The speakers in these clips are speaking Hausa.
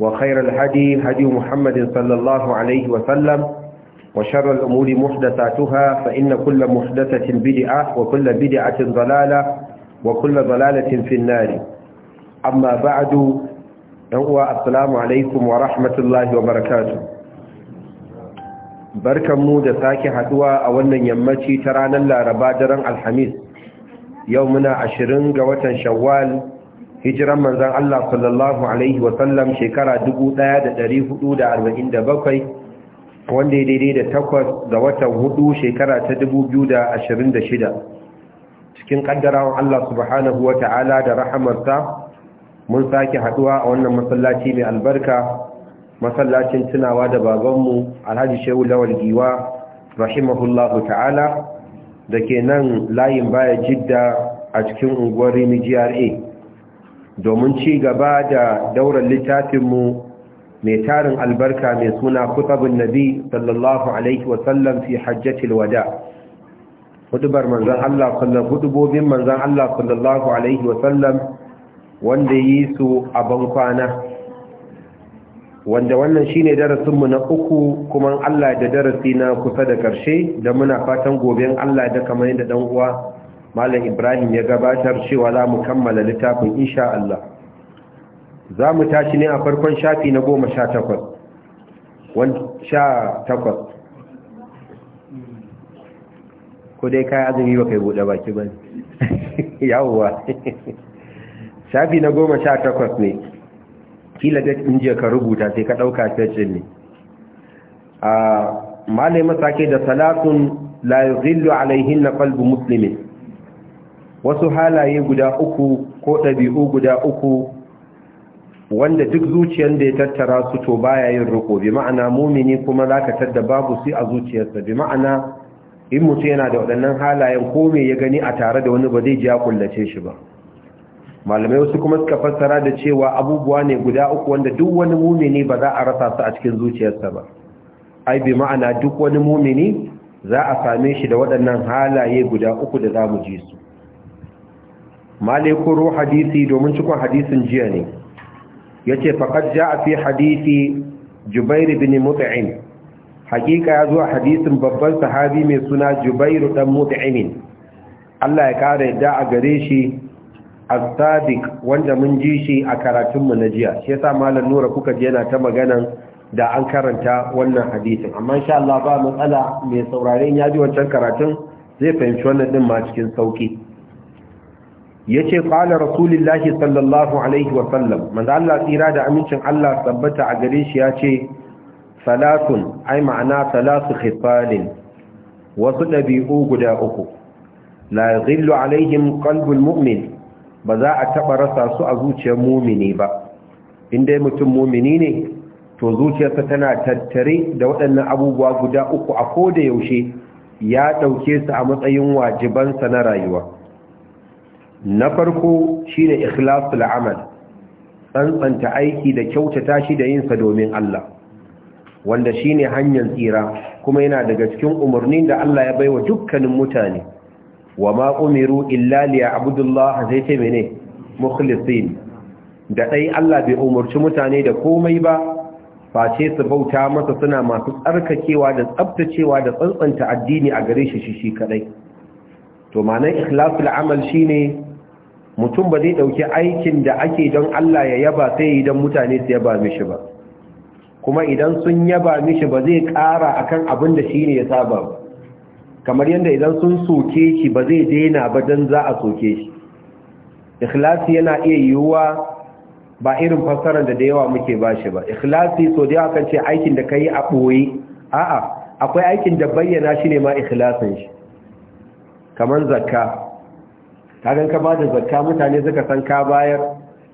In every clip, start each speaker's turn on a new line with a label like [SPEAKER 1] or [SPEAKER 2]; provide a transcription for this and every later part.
[SPEAKER 1] وخير الهدي هدي محمد صلى الله عليه وسلم وشر الأمور محدثاتها فإن كل محدثة بدعة وكل بدعة ضلالة وكل ضلالة في النار أما بعد هو السلام عليكم ورحمة الله وبركاته barkan mu da sake haduwa a wannan yammaci ta ranar laraba daren alhamis yau muna ashirin ga watan shawwal hijiran manzan Allah sallallahu Alaihi wasallam shekara 1447 wanda ya daidai da takwas ga watan hudu shekara ta 2026 cikin kaddarawan Allah subhanahu wa ta'ala da rahamarsa mun sake haduwa a wannan masallaci mai albarka masallacin tunawa da babanmu alhaji shehu lawal giwa rahimahullahu ta'ala da ke nan layin baya jidda a cikin unguwar rimi GRA domin ci gaba da daular littafinmu mai tarin albarka mai suna kutabun nabi sallallahu alaihi wasallam fi hajjatil wada hudubar manzan Allah sallallahu hudubobin manzan Allah sallallahu alaihi wasallam wanda yi su a bankwana wanda wannan shine darasinmu na uku kuma Allah da darasi na kusa da ƙarshe, da muna fatan gobe Allah da kamar yadda dan uwa malam ibrahim ya gabatar cewa za mu kammala littafin insha Allah za mu tashi ne a farkon shafi na goma sha takwas sha takwas ko dai kayan azumi ba kai buɗe baki ba yawwa shafi na goma sha takwas ne kila da jiya ka rubuta sai ka ɗauka fecin ne ah, Malam malai masake da salatun la yuzillu alaihin na kalbu musulmi. wasu halaye guda uku ko ɗabi'u guda uku wanda duk zuciyar da ya tattara su to baya yin riko bi ma'ana mumini kuma zaka da babu su a zuciyarsa bi ma'ana in mutum yana da waɗannan halayen ko mai ya gani a tare da wani ba zai kullace shi ba malamai wasu kuma suka fassara da cewa abubuwa ne guda uku wanda duk wani mumini ba za a rasa su a cikin zuciyarsa ba ai bi ma'ana duk wani mumini za a same shi da waɗannan halaye guda uku da za mu ji su maliku hadisi domin cikon hadisin jiya ne ya ce faƙad ja a fi hadisi jubairu bin mutu'in hakika ya zuwa hadisin babban sahabi mai suna jubairu dan mutu'imin Allah ya kara yadda a gare shi as-sadiq wanda mun ji shi a karatunmu na jiya shi yasa malam nura kuka ji yana ta magana da an karanta wannan hadisin amma insha Allah ba matsala mai sauraren ya ji wancan karatun zai fahimci wannan din ma cikin sauki ce, qala rasulullahi sallallahu alaihi wa sallam Allah tsira da amincin Allah tabbata a gare shi ce salatun ai ma'ana salatu khifalin wasu ɗabi'u guda uku la Zillu alaihim qalbul mu'min ba za a taɓa rasa su a zuciyar mumini ba inda mutum mumini ne to zuciyarsa tana tattare da waɗannan abubuwa guda uku a koda yaushe ya ɗauke su a matsayin wajibansa na rayuwa na farko shine ikhlasul amal tsantsanta aiki da kyautata shi da yinsa domin Allah wanda shine hanyar tsira kuma yana daga cikin umarnin da Allah ya baiwa dukkanin mutane wa ma umiru illa Abudullah sai ce mene mukhlisin da dai Allah bai umarci mutane da komai ba face su bauta masa suna masu tsarkakewa da tsaftacewa da tsantsanta addini a gare shi shi kadai to ma'anar ikhlasul amal shine mutum ba zai ɗauki aikin da ake don Allah ya yaba sai idan mutane su yaba mishi ba kuma idan sun yaba mishi ba zai ƙara akan abin da shi ne ya saba ba kamar yadda idan sun soke shi ba zai daina ba don za a soke shi ikhlasi yana iya yiwuwa ba irin fassarar da da yawa muke ba shi ba ikhlasi so da yawa kan ce aikin da ka yi a ɓoye a'a akwai aikin da bayyana shi ne ma ikhlasin shi kamar zakka kagan ka bada zakka mutane suka san ka bayar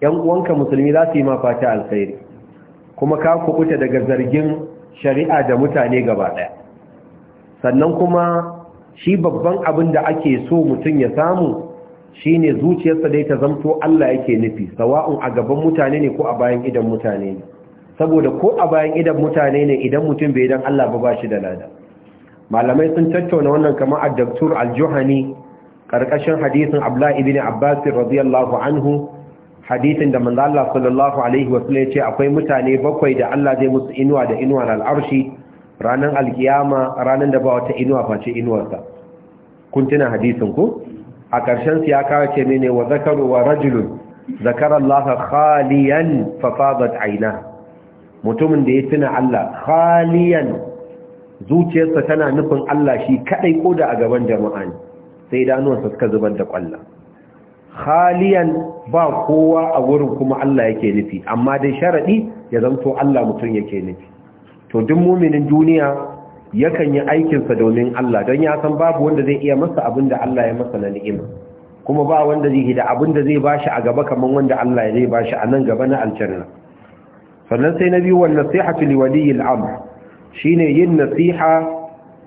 [SPEAKER 1] yan uwanka musulmi za su yi ma fata alkhairi kuma ka kubuta daga zargin shari'a da mutane gaba daya sannan kuma shi babban abin da ake so mutum ya samu shine zuciyarsa dai ta zamto Allah yake nufi sawa'un a gaban mutane ne ko a bayan idan mutane ne saboda ko a bayan idan mutane ne idan mutum bai dan Allah ba ba shi da lada malamai sun tattauna wannan kamar a Dr. al karkashin hadisin Abdullahi ibn abbas radiyallahu anhu hadisin da manzo Allah sallallahu alaihi wasallam ya ce akwai mutane bakwai da Allah zai musu inuwa da inuwa al-arshi ranan alkiyama ranan da ba wata inuwa face inuwarsa kun tuna hadisin ku a ƙarshen su ya kawo ce mene wa zakaru wa rajulun zakara Allah khaliyan fa fadat aina mutumin da ya tuna Allah khaliyan zuciyarsa tana nufin Allah shi kadai koda a gaban jama'a ne sai idanuwansa suka zubar da kwallon haliyan ba kowa a wurin kuma Allah yake nufi amma dai sharadi ya zanto Allah mutum yake nufi to duk muminin duniya yakan yi aikinsa domin Allah don ya san babu wanda zai iya masa abin da Allah ya masa na ni'ima kuma ba wanda zai hida abin da zai bashi a gaba kamar wanda Allah ya zai shi a nan gaba na aljanna sannan sai na biyu wannan nasihatu li al amr shine yin nasiha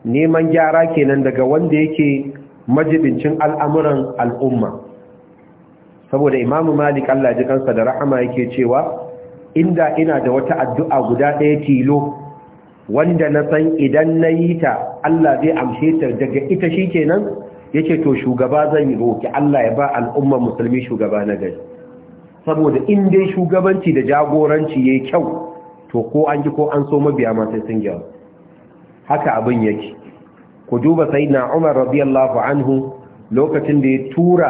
[SPEAKER 1] neman gyara kenan daga wanda yake majibincin al'amuran al'umma saboda imamu malik Allah ji kansa da rahama yake cewa inda ina da wata addu'a guda ɗaya tilo wanda na san idan na yi ta Allah zai amshe ta daga ita shi kenan yake to shugaba zan yi roƙi Allah ya ba al'umman musulmi shugaba na gari saboda in dai shugabanci da jagoranci ya yi kyau to ko an ji ko an so mabiya ma sai sun gyara. haka abin yake ku duba sayyidina Umar radiyallahu anhu lokacin da ya tura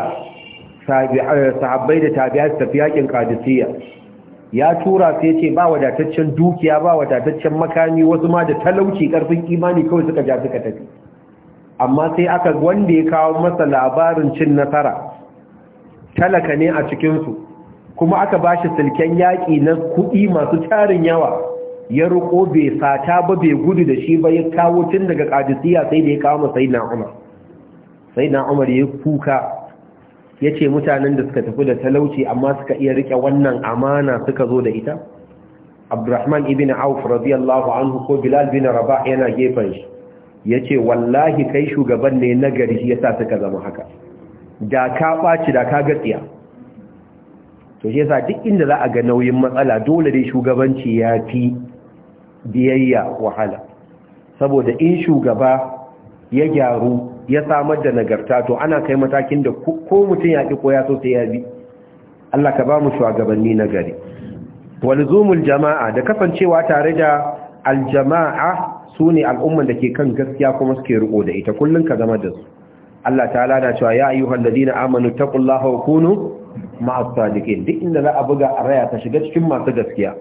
[SPEAKER 1] eh, sahabbai da tabi'a su tafi yakin kadisiya ya tura sai ce ba wadataccen dukiya ba wadataccen makami wasu ma da talauci karfin imani kawai suka ja suka tafi amma sai aka wanda ya kawo masa labarin cin nasara talaka ne a cikinsu kuma aka ba shi silken yaƙi na kuɗi masu tarin yawa ya riko bai sata ba bai gudu da shi ba ya kawo tun daga kadisiya sai da ya kawo ma na Umar na Umar ya kuka yace mutanen da suka tafi da talauci amma suka iya rike wannan amana suka zo da ita Abdurrahman ibn Auf radiyallahu anhu ko Bilal bin Rabah yana gefen shi yace wallahi kai shugaban ne nagari shi yasa suka zama haka da ka baci da ka gatsiya to shi yasa duk inda za a ga nauyin matsala dole dai shugabanci ya fi biyayya wahala saboda in shugaba ya gyaru ya samar da nagarta to ana kai matakin da ko mutum ya ƙi ko ya so ya bi Allah ka ba mu shugabanni na gari walzumul jama'a da kasancewa tare da aljama'a sune al'umman da ke kan gaskiya kuma suke riko da ita kullun ka zama da su Allah ta na cewa ya ayyuhal ladina amanu taqullaha wa kunu ma'as sadiqin duk inda za a buga a raya ta shiga cikin masu gaskiya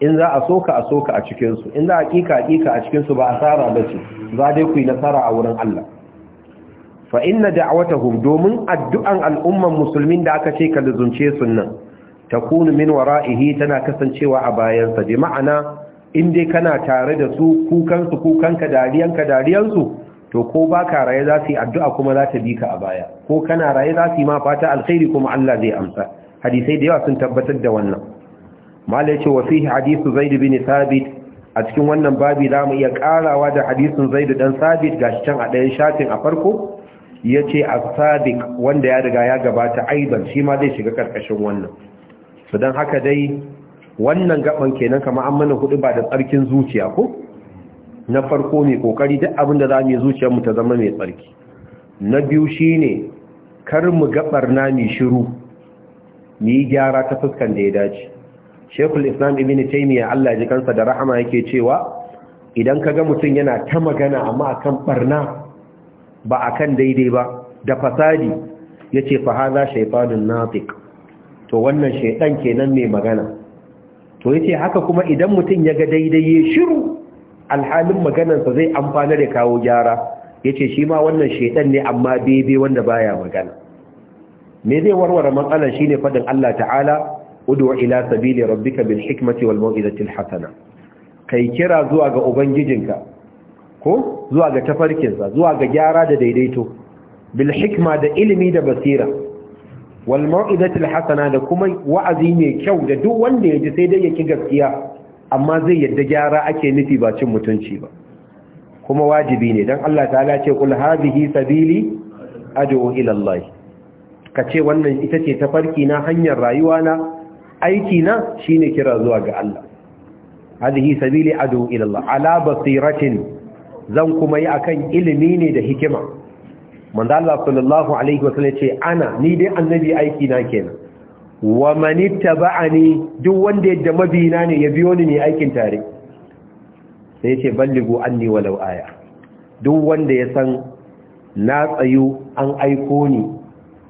[SPEAKER 1] in za a soka a soka a cikinsu in za a ƙiƙa a ƙiƙa a cikinsu ba asara ba ce za dai ku yi nasara a wurin Allah fa inna da'awatahum domin addu'an al'umman musulmin da aka ce ka luzunce su nan kunu min wara'ihi tana kasancewa a bayansa bi ma'ana in dai kana tare da su kukansu su kukan ka dariyan ka to ko ba ka raye za su yi addu'a kuma za ta bi ka a baya ko kana raye za su yi ma fata alkhairi kuma Allah zai amsa hadisai da yawa sun tabbatar da wannan mala ce wa fihi hadithu zaid bin sabit a cikin wannan babi za mu iya karawa da hadisin zaid dan Sabid ga can a ɗayan shafin a farko yace a Sadik wanda ya riga ya gabata aidan shi ma zai shiga karkashin wannan Su dan haka dai wannan gaban kenan kamar an mana hudu ba da tsarkin zuciya ko na farko mai kokari duk abin da za mu yi zuciyarmu ta zama mai tsarki na biyu shine kar mu gabar na mai shiru mu yi gyara ta fuskan da ya dace shekul islam ibn taimiyya allah ji kansa da rahama yake cewa idan ka ga mutum yana ta magana amma akan barna ba akan daidai ba da fasadi ya ce fahaza shaifanin nafik to wannan shaidan kenan mai magana to ya haka kuma idan mutum ya ga daidai ya shiru alhalin maganansa zai amfana da kawo gyara ya ce shi ma wannan shaidan ne amma bebe wanda baya magana me zai warware matsalar shi ne faɗin allah ta'ala ud'u ila sabili rabbika bil hikmati wal maw'izati al hasana kai kira zuwa ga ubangijinka ko zuwa ga tafarkinsa zuwa ga gyara da daidaito bil hikma da ilimi da basira wal maw'izati al hasana da kuma wa'azi ne kyau da duk wanda ya ji sai dai ya ki gaskiya amma zai yadda gyara ake nufi ba cin mutunci ba kuma wajibi ne dan Allah ta'ala ce kul hadhihi sabili ad'u ila Allah kace wannan ita ce tafarki na hanyar rayuwa na aiki na shine kira zuwa ga Allah hadhihi sabili adu ila ala basiratin zan kuma yi a kan ilimi ne da hikima manzo Allah sallallahu alaihi wasallam ce ana ni dai annabi aiki na kenan wa man ittaba'ani duk wanda yadda mabina ne ya biyo ni ne aikin tare sai ya ce anni walau aya duk wanda ya san na tsayu an aiko ni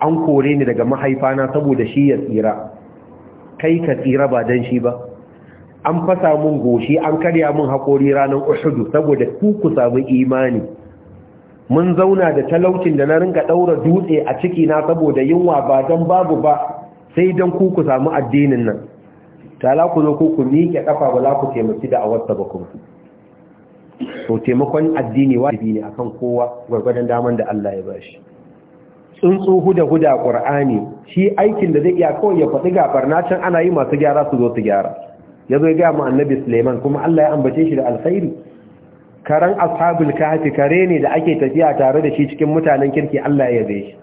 [SPEAKER 1] an kore ni daga mahaifana saboda shi ya tsira kai ka tsira ba dan shi ba an fasa mun goshi an karya mun haƙori ranar uhudu saboda ku ku samu imani mun zauna da talaucin da na rinka ɗaura dutse a ciki na saboda yunwa ba don babu ba sai don ku ku samu addinin nan tala ku zo ku ku miƙe ƙafa ba za ku taimaki da wasu ba ku to taimakon addini wajibi ne akan kowa gwargwadon daman da Allah ya bashi tsuntsu huda huda qur'ani shi aikin da zai iya kawai ya faɗi ga barna can ana yi masu gyara su zo su gyara ya zo gaya mu annabi Suleiman kuma Allah ya ambace shi da alkhairi karan ashabul kafi kare ne da ake tafiya tare da shi cikin mutanen kirki Allah ya yabe shi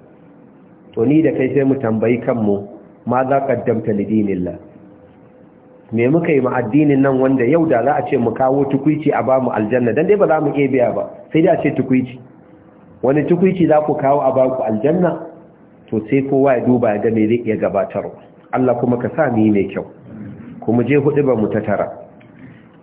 [SPEAKER 1] to ni da kai sai mu tambayi kanmu ma za qaddamta lidinillah me muka yi ma addinin nan wanda yau da za a ce mu kawo tukuici a bamu aljanna dan dai ba za mu iya biya ba sai dai a ce tukuici wani tukuki za ku kawo a baku aljanna to sai kowa ya duba ya gane zai iya gabatarwa Allah kuma ka sa ni mai kyau kuma je hudu ba mu ta tara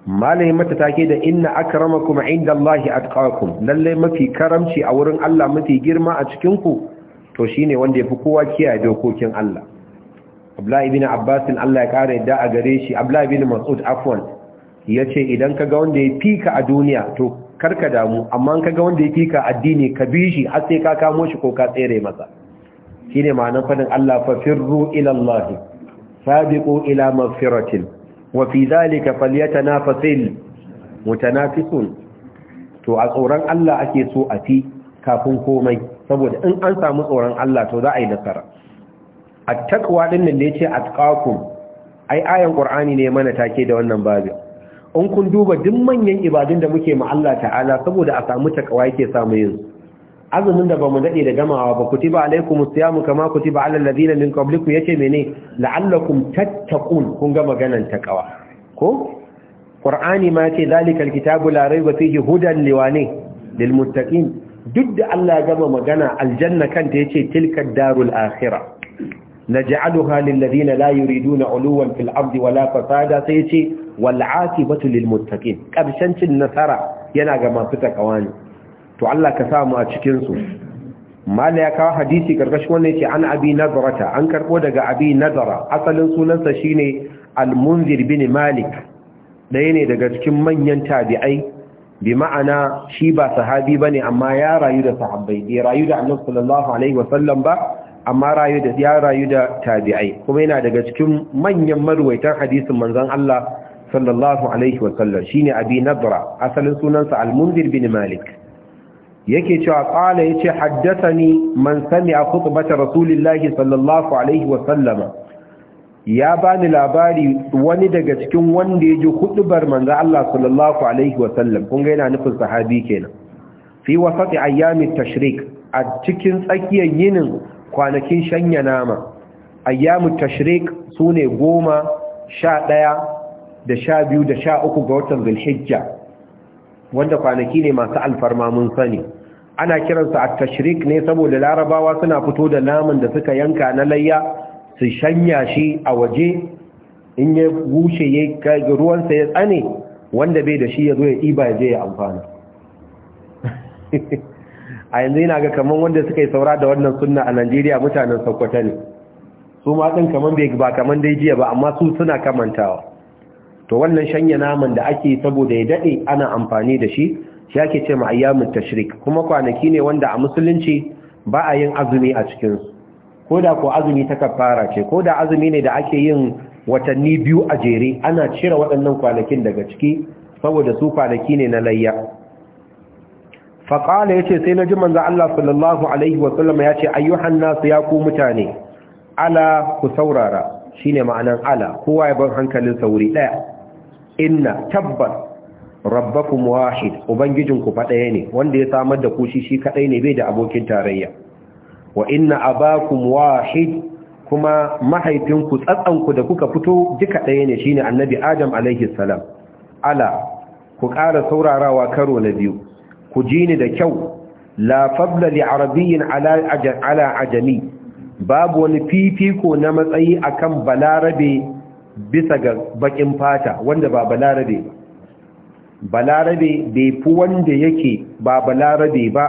[SPEAKER 1] malamin mata take da inna akramakum indallahi atqakum lalle mafi karamci a wurin Allah mafi girma a cikin ku to shine wanda yafi kowa kiyaye dokokin Allah Abdullahi ibn Abbas Allah ya kare yadda a gare shi Abdullahi ibn Mas'ud afwan yace idan kaga wanda ya fika a duniya to karka damu amma kaga wanda yake ka addini ka bi shi har sai ka kamo shi ko ka tsere masa shine ma'anar fadin Allah fa firru ila Allah sabiqu ila mafiratin wa fi zalika falyatanafasil mutanafisun to a tsoron Allah ake so a fi kafin komai saboda in an samu tsoron Allah to za a yi nasara at-taqwa din nan ne ce atqakum ai ayan qur'ani ne mana take da wannan babin in kun duba duk manyan ibadun da muke ma Allah ta'ala saboda a samu takawa yake samu yin azumin da bamu dade da gamawa ba kutiba alaikumus siyamu kama kutiba alal ladina min qablikum yace mene la'allakum tattaqun kun ga maganan takawa ko qur'ani ma yace zalikal kitabu la rayba fihi hudan liwani lil muttaqin duk da Allah ya gama magana aljanna kanta yace tilka darul akhirah naj'aluha lil ladina la yuriduna uluwan fil ardi wala fasada sai yace wal aqibatu lil muttaqin karshen cin nasara yana ga masu takawa ne to Allah ka samu a cikin su mala ya kawo hadisi ƙarƙashin wannan yace an abi nazarata. an karbo daga abi nazara. asalin sunansa shine al-munzir bin malik ɗaya ne daga cikin manyan tabi'ai bi ma'ana shi ba sahabi bane amma ya rayu da sahabbai ya rayu da annabi sallallahu alaihi wasallam ba amma rayu da ya rayu da tabi'ai kuma yana daga cikin manyan maruwaitan hadisin manzon Allah sallallahu alaihi wasallam shine abi nadra asalin sunansa al-mundir bin malik yake cewa qala yace haddathani man sami'a khutbata rasulillahi sallallahu alaihi wasallama ya bani labari wani daga cikin wanda ya ji hudubar manzo Allah sallallahu alaihi wasallam kun ga yana nufin sahabi kenan fi wasati ayyamun tashrik a cikin tsakiyar yinin kwanakin shanya nama ayyamu tashrik sune goma sha ɗaya da sha biyu da sha uku ga watan zulhijja wanda kwanaki ne masu alfarma mun sani ana kiransa a tashrik ne saboda larabawa suna fito da naman da suka yanka na layya su shanya shi a waje in ya bushe ya kai ruwansa ya tsane wanda bai da shi ya zo ya ɗiba ya je ya amfana a yanzu yana ga kamar wanda suka yi saura da wannan sunna a najeriya mutanen sokoto ne su ma ɗin kamar bai ba kamar dai jiya ba amma su suna kamantawa to wannan shanya naman da ake saboda ya dade ana amfani da shi shi ake ce ma ayyamut tashrik kuma kwanaki ne wanda a musulunci ba a yin azumi a cikin su koda ko azumi ta kafara ce da azumi ne da ake yin watanni biyu a jere ana cire waɗannan kwanakin daga ciki saboda su kwanaki ne na layya faƙala yace ce sai na ji manza Allah sallallahu Alaihi wasallama ya ce ayyuhan nasu ya ku mutane ala ku saurara shine ma'anan ala kowa ya bar hankalin sauri ɗaya inna tabbas rabbakum wahid ubangijinku fa daya ne wanda ya samar da ku shi shi kadai ne bai da abokin tarayya wa inna abakum wahid kuma mahaifinku tsatsanku da kuka fito duka ɗaya ne shine annabi adam alaihi salam ala ku ƙara saurarawa karo na biyu ku ji ni da kyau la fadla li arabiyyin ala ala ajami babu wani fifiko na matsayi akan balarabe bisa ga bakin fata wanda ba balarabe ba balarabe bai fi wanda yake ba balarabe ba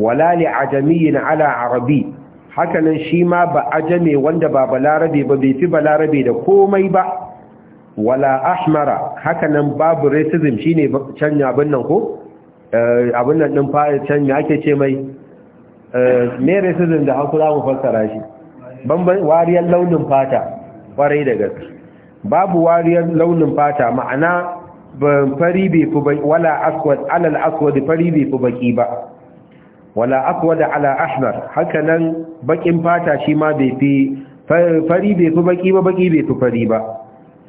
[SPEAKER 1] wala li ajamiyin ala arabi hakanan shi ma ba ajame wanda ba balarabe ba bai fi balarabe da komai ba wala ahmara hakanan babu racism shine canya abin nan ko eh, abin nan din fara canya ake ce mai eh, me racism da hankula mu fassara shi banban wariyar launin fata kwarai da gaske babu wariyar launin fata ma'ana fari bai fi wala aswad alal aswad fari bai fi baki ba wala aswad ala ahmar haka nan bakin fata shi ma bai fi fari bai fi baki ba baki bai fi fari ba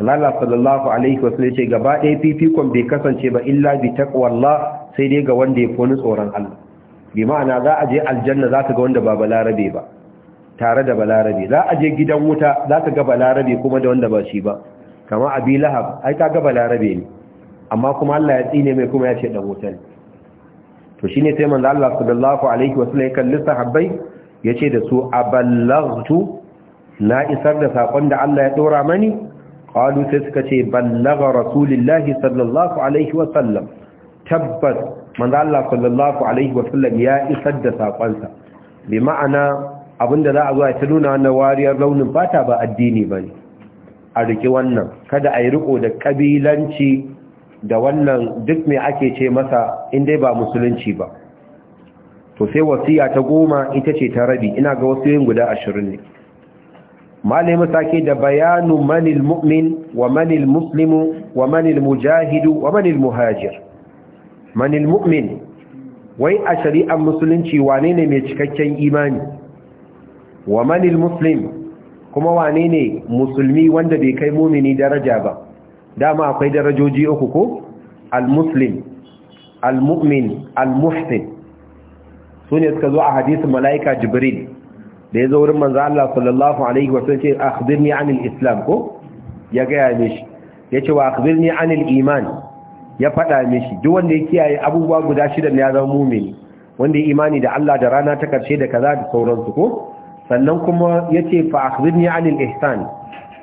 [SPEAKER 1] Allah sallallahu alaihi ne ce gaba ɗaya fifikon bai kasance ba illa bi taqwallah sai dai ga wanda ya fi tsoron Allah bi ma'ana za a je aljanna za ka ga wanda ba balarabe ba tare da balarabe za a je gidan wuta za ka ga balarabe kuma da wanda ba shi ba kama abi lahab ai ka ga balarabe ne amma kuma Allah ya tsine mai kuma ya ce dan wutan. To shi ne sai manzo Allah sallallahu alaihi wasallam ya kalli sahabbai ce da su aballaghtu na isar da sakon da Allah ya dora mani qalu sai suka ce ballagha rasulullahi sallallahu alaihi wasallam tabbas manzo Allah sallallahu alaihi wasallam ya isar da sakonsa bi ma'ana abinda za a zuwa ta nuna wannan wariyar launin fata ba addini ba ne a riƙe wannan kada a yi riƙo da ƙabilanci da wannan duk mai ake ce masa in dai ba musulunci ba to sai wasiya ta goma ita ce ta rabi ina ga wasu yin guda ashirin ne malai sake da bayanu manil mu'min wa manil muslimu wa manil mujahidu wa manil muhajir manil mu'min wai a shari'ar musulunci wane ne mai cikakken imani wa manil muslim kuma wane ne musulmi wanda bai kai mumini daraja ba dama akwai darajoji uku ko al-muslim al-mu'min al-muhsin sune suka zo a hadisin malaika jibril da ya zo wurin manzo Allah sallallahu alaihi wa sallam ce akhbirni anil islam ko ya ga ya mishi yace wa akhbirni anil iman ya fada mishi duk wanda ya kiyaye abubuwa guda shida ne ya zama mumini wanda ya imani da Allah da rana ta karshe da kaza da sauransu ko sannan kuma ya ce fa akhbirni anil ihsan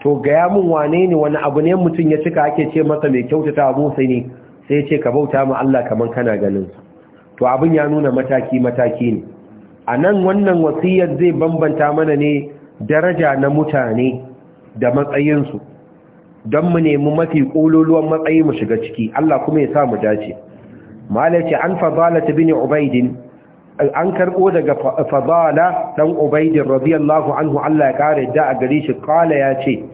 [SPEAKER 1] to gaya mun wane ne wani abu ne mutum ya cika ake ce masa mai kyautata abu sai ne sai ya ce ka bauta ma Allah kaman kana ganin to abin ya nuna mataki mataki ne a nan wannan wasiyar zai bambanta mana ne daraja na mutane da matsayinsu don mu nemi mafi ƙololuwan matsayi mu shiga ciki Allah kuma ya sa mu dace malaci an fadala ta bin ubaidin an karɓo daga fadala ɗan ubaidin radiyallahu anhu Allah ya kare) da a gare shi ƙala ya ce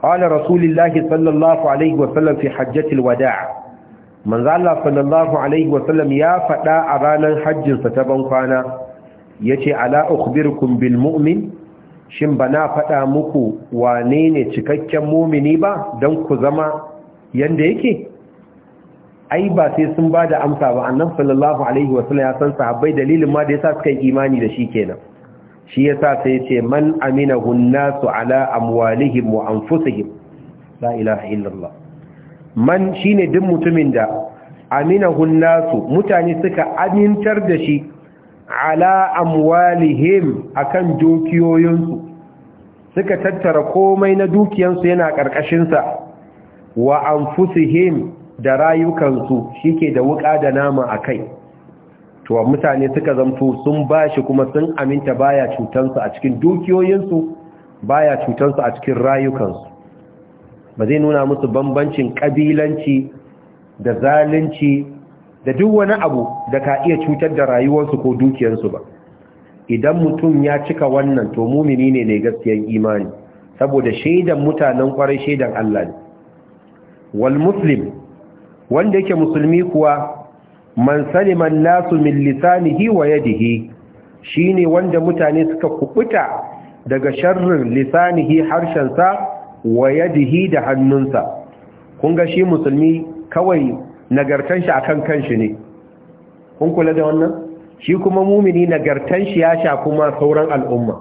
[SPEAKER 1] ƙala rasulillahi sallallahu alaihi wasallam fi hajjatil wada'a manzo Allah sallallahu alaihi wasallam ya faɗa a ranar hajjinsa ta ban kwana yace ala ukhbirukum bil mu'min shin bana faɗa muku wane ne cikakken mumini ba don ku zama yanda yake ai ba sai sun ba da amsa ba annabi sallallahu alaihi wasallam ya san sahabbai dalilin ma da yasa suka yi imani da shi kenan shi yasa sai ya ce man Amina hunnasu ala amwalihim wa anfusihim la ilaha illallah man shine duk mutumin da aminahu mutane suka amintar da shi ala amwalihim akan dukiyoyinsu suka tattara komai na dukiyansu yana karkashin sa wa anfusihim da rayukansu shike da wuƙa da nama a kai to mutane suka zamto sun ba shi kuma sun aminta baya cutansu a cikin dukiyoyinsu baya cutansu a cikin rayukansu ba zai nuna musu bambancin kabilanci da zalunci da duk wani abu da ka iya cutar da rayuwarsu ko dukiyarsu ba idan mutum ya cika wannan to mumini ne ne gaskiyar imani saboda shaidan mutanen kwarai shaidan Allah ne wal muslim wanda yake musulmi kuwa man saliman nasu min lisanihi wa yadihi shine wanda mutane suka kubuta daga sharrin lisanihi harshensa wa yadihi da hannunsa kun ga shi musulmi kawai nagartan shi akan kanshi ne kun kula da wannan shi kuma mumini nagartan shi ya sha kuma sauran al'umma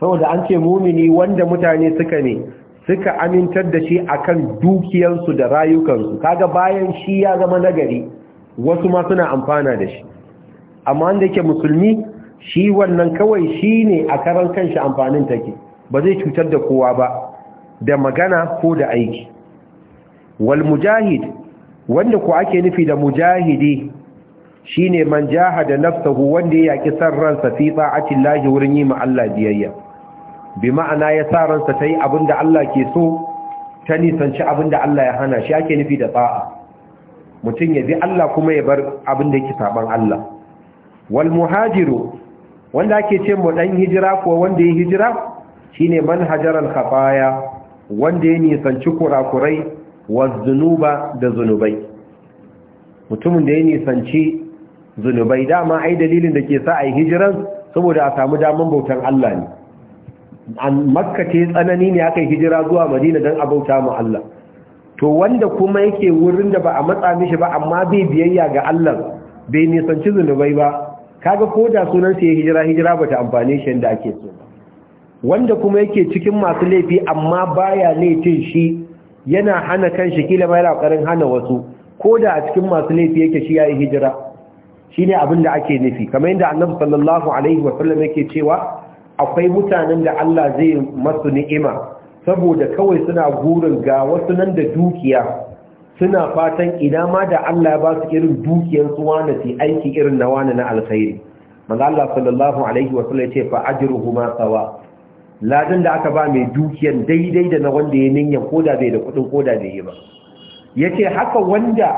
[SPEAKER 1] saboda an ce mumini wanda mutane suka ne suka amintar da shi a kan dukiyarsu da rayukansu kaga bayan shi ya zama nagari wasu ma suna amfana da shi amma wanda yake musulmi shi wannan kawai shi ne a karan kanshi amfanin take ba zai cutar da kowa ba da magana ko da aiki wal mujahid wanda ku ake nufi da mujahidi shine man jahada nafsahu wanda ya yaki san ransa fi ta'atillahi wurin yi ma Allah biyayya bi ma'ana ya sa ransa ta yi abin da Allah ke so ta nisanci abin da Allah ya hana shi ake nufi da tsa'a mutum ya bi Allah kuma ya bar abin da yake saban Allah wal muhajiru wanda ake ce mu dan hijira ko wanda ya hijira shine man hajaral khafaya wanda ya nisanci kurakurai waz zunuba da zunubai mutumin da ya nisanci zunubai dama ai dalilin da ke sa ai hijiran saboda a samu daman bautan Allah ne makka ce tsanani ne aka yi hijira zuwa madina don abauta mu Allah to wanda kuma yake wurin da ba a matsa mishi ba amma bai biyayya ga Allah bai nisanci zunubai ba kaga ko da sunan sa ya hijira hijira bata amfane shi inda ake so wanda kuma yake cikin masu laifi amma baya laifin shi yana hana kanshi kila ba yana ƙarin hana wasu koda a cikin masu laifi yake shi yayi hijira shine abin da ake nufi kamar yadda Annabi sallallahu alaihi wa sallam yake cewa akwai mutanen da Allah zai masu ni'ima saboda kawai suna gurin ga wasu nan da dukiya suna fatan idan ma da Allah ba su irin dukiyar su wani su aiki irin na wani na alkhairi manzo Allah sallallahu alaihi wa sallam ce fa ajruhuma sawa ladan da aka ba mai dukiyar daidai da na wanda ya ninya koda bai da kudin koda bai yi ba yace haka wanda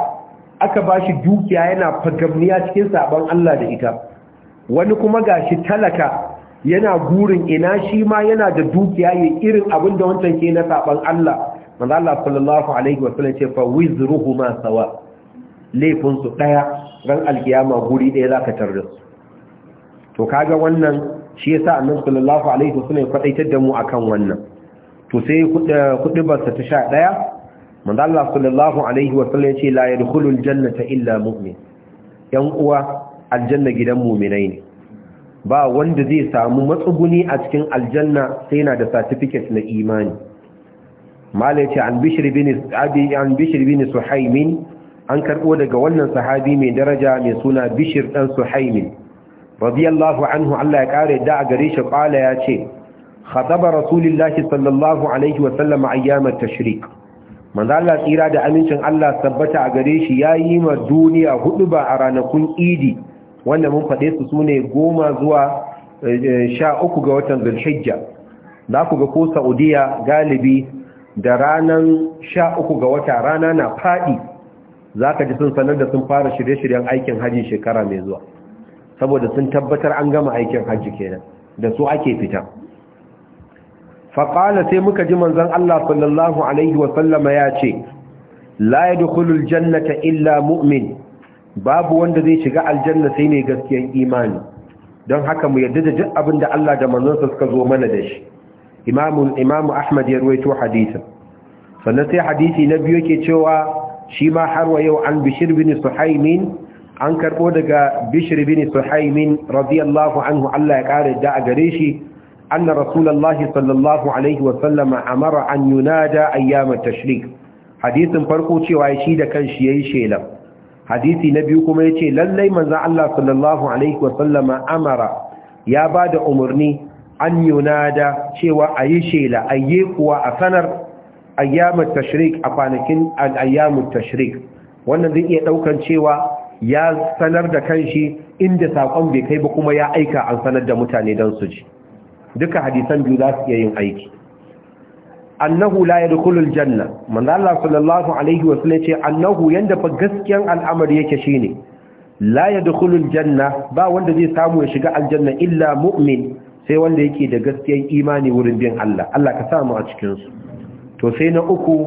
[SPEAKER 1] aka ba shi dukiya yana fagamniya cikin sabon Allah da ita wani kuma gashi talaka yana gurin ina shi ma yana da dukiya ya irin abin da wancan ke na saban Allah manzo Allah sallallahu alaihi wasallam ce fa wizruhuma sawa laifin su daya ran alkiyama guri ɗaya za ka tarda to kaga wannan shi ya sa annabi sallallahu alaihi wasallam ya kwadaitar da mu akan wannan to sai kudubar sa ta sha 11 manzo Allah sallallahu alaihi wasallam ya ce la Janna ta illa mu'min yan uwa aljanna gidan mu'minai ne ba wanda zai samu matsuguni a cikin aljanna sai yana da certificate na imani malai an bishir bin suhaimin an karɓo daga wannan sahabi mai daraja mai suna bishir ɗan suhaimin radiyallahu anhu Allah ya kare da a gare shi kwala ya ce khataba rasulillahi sallallahu alaihi wasallam ayyamar tashrik manzo Allah tsira da amincin Allah tabbata a gare shi yayi ma duniya hudu ba a ranakun idi wanda mun faɗe su su ne goma zuwa eh, sha uku ga watan zulhijja za ku ga ko saudiya galibi da ranan sha uku ga wata rana na faɗi za ka ji sun sanar da sun fara shirye-shiryen aikin hajji shekara mai zuwa saboda sun tabbatar an gama aikin hajji kenan da su ake fita faƙala sai muka ji manzon Allah sallallahu Alaihi wasallama ya ce la ya dukulul jannata illa mu'min babu wanda zai shiga aljanna sai ne gaskiyar imani don haka mu yadda da duk abin da Allah da manzansa suka zo mana da shi imamu imamu ahmad ya ruwaito hadisin sannan sai hadisi na biyu yake cewa shi ma har wa yau an bishir bin suhaimin an karbo daga bishir bin suhaimin radiyallahu anhu Allah ya kare da a gare shi anna rasulullahi sallallahu alaihi wa sallama amara an yunada ayyamat tashrik hadisin farko cewa shi da kanshi yi shelar hadisi na biyu kuma ya ce lallai manzon Allah sallallahu alaihi wasallama amara ya da umarni an yunada cewa ayi shela ayi kuwa a sanar ayyamun tashrik a kwanakin ayyamun tashrik wannan zai iya daukan cewa ya sanar da kanshi inda saƙon bai kai ba kuma ya aika an sanar da mutane don su ji duka hadisan biyu za su iya yin aiki annahu la yadkhulul janna manzo Allah sallallahu alaihi wa sallam ce annahu yanda fa gaskiyan al'amari yake shine la yadkhulul janna ba wanda zai samu ya shiga aljanna illa mu'min sai wanda yake da gaskiyan imani wurin bin Allah Allah ka samu a cikin su to sai na uku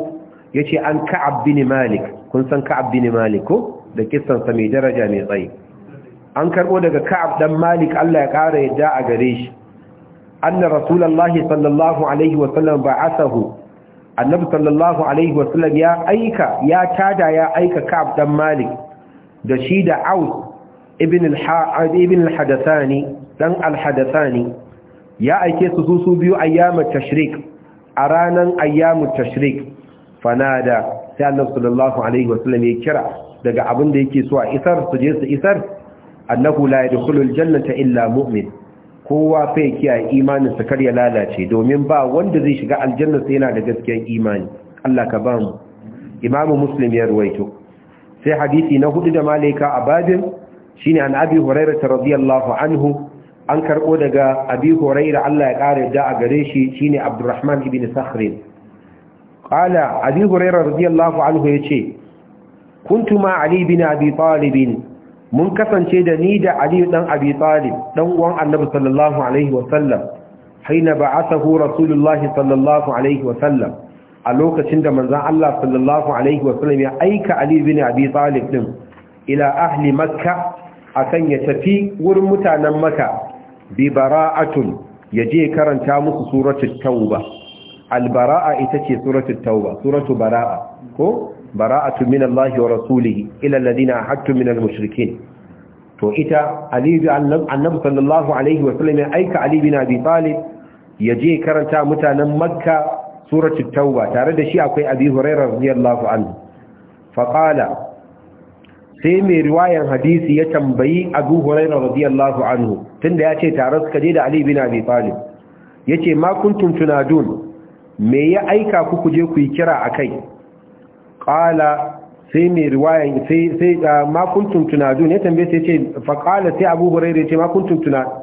[SPEAKER 1] yace an ka'ab bin malik kun san ka'ab bin malik ko da kissan sa mai daraja mai tsayi an karbo daga ka'ab dan malik Allah ya kara yadda a gare shi anna rasulullahi sallallahu alaihi wasallam ba'athahu annabi sallallahu alaihi wasallam ya ya tada ya aika ka'ab dan malik da shi da aus ibn al-ha'ib ibn al-hadathani dan al ya aike su su biyu ayyamat tashrik a ranan ayyamut tashrik fanada sai annabi sallallahu alaihi wasallam ya kira daga abin da yake so a isar su je su isar annahu jannata illa mu'min kowa fa ya kiyaye imanin sa kar ya lalace domin ba wanda zai shiga aljanna sai yana da gaskiyar imani Allah ka bamu! Imam imamu muslim ya ruwaito sai hadisi na hudu da malaika a babin shine an abi hurairah radiyallahu anhu an karbo daga abi hurairah Allah ya kare da a gare shi shine abdurrahman ibn sakhrin qala abi hurairah radiyallahu anhu yace kuntu ma ali bin abi talib mun kasance da ni da Ali dan Abi Talib dan uwan Annabi sallallahu alaihi wa haina ba'athahu Rasulullah sallallahu alaihi a lokacin da manzon Allah sallallahu alaihi ya aika Ali bin Abi Talib din ila ahli Makka akan ya tafi wurin mutanen Makka bi bara'atun yaje karanta musu suratul Tauba al-bara'a ita ce suratul Tauba suratu bara'a ko bara'atu min Allah wa rasulihi ila alladhina ahattu min al-mushrikeen to ita Ali bin Annabi sallallahu alaihi wa sallam aika Ali bin Abi Talib ya je karanta mutanen Makka suratul Tauba tare da shi akwai Abi Hurairah radiyallahu anhu fa qala sai mai riwayan hadisi ya tambayi Abu Hurairah radiyallahu anhu tunda ya ce tare suka je da Ali bin Abi Talib yace ma kuntum tunadun me ya aika ku kuje ku yi kira akai qala sai mai riwayan sai sai ah, ma kuntum tunadun ya tambaye sai ce fa qala sai Abu Hurairah ya ce ma kuntum tunadun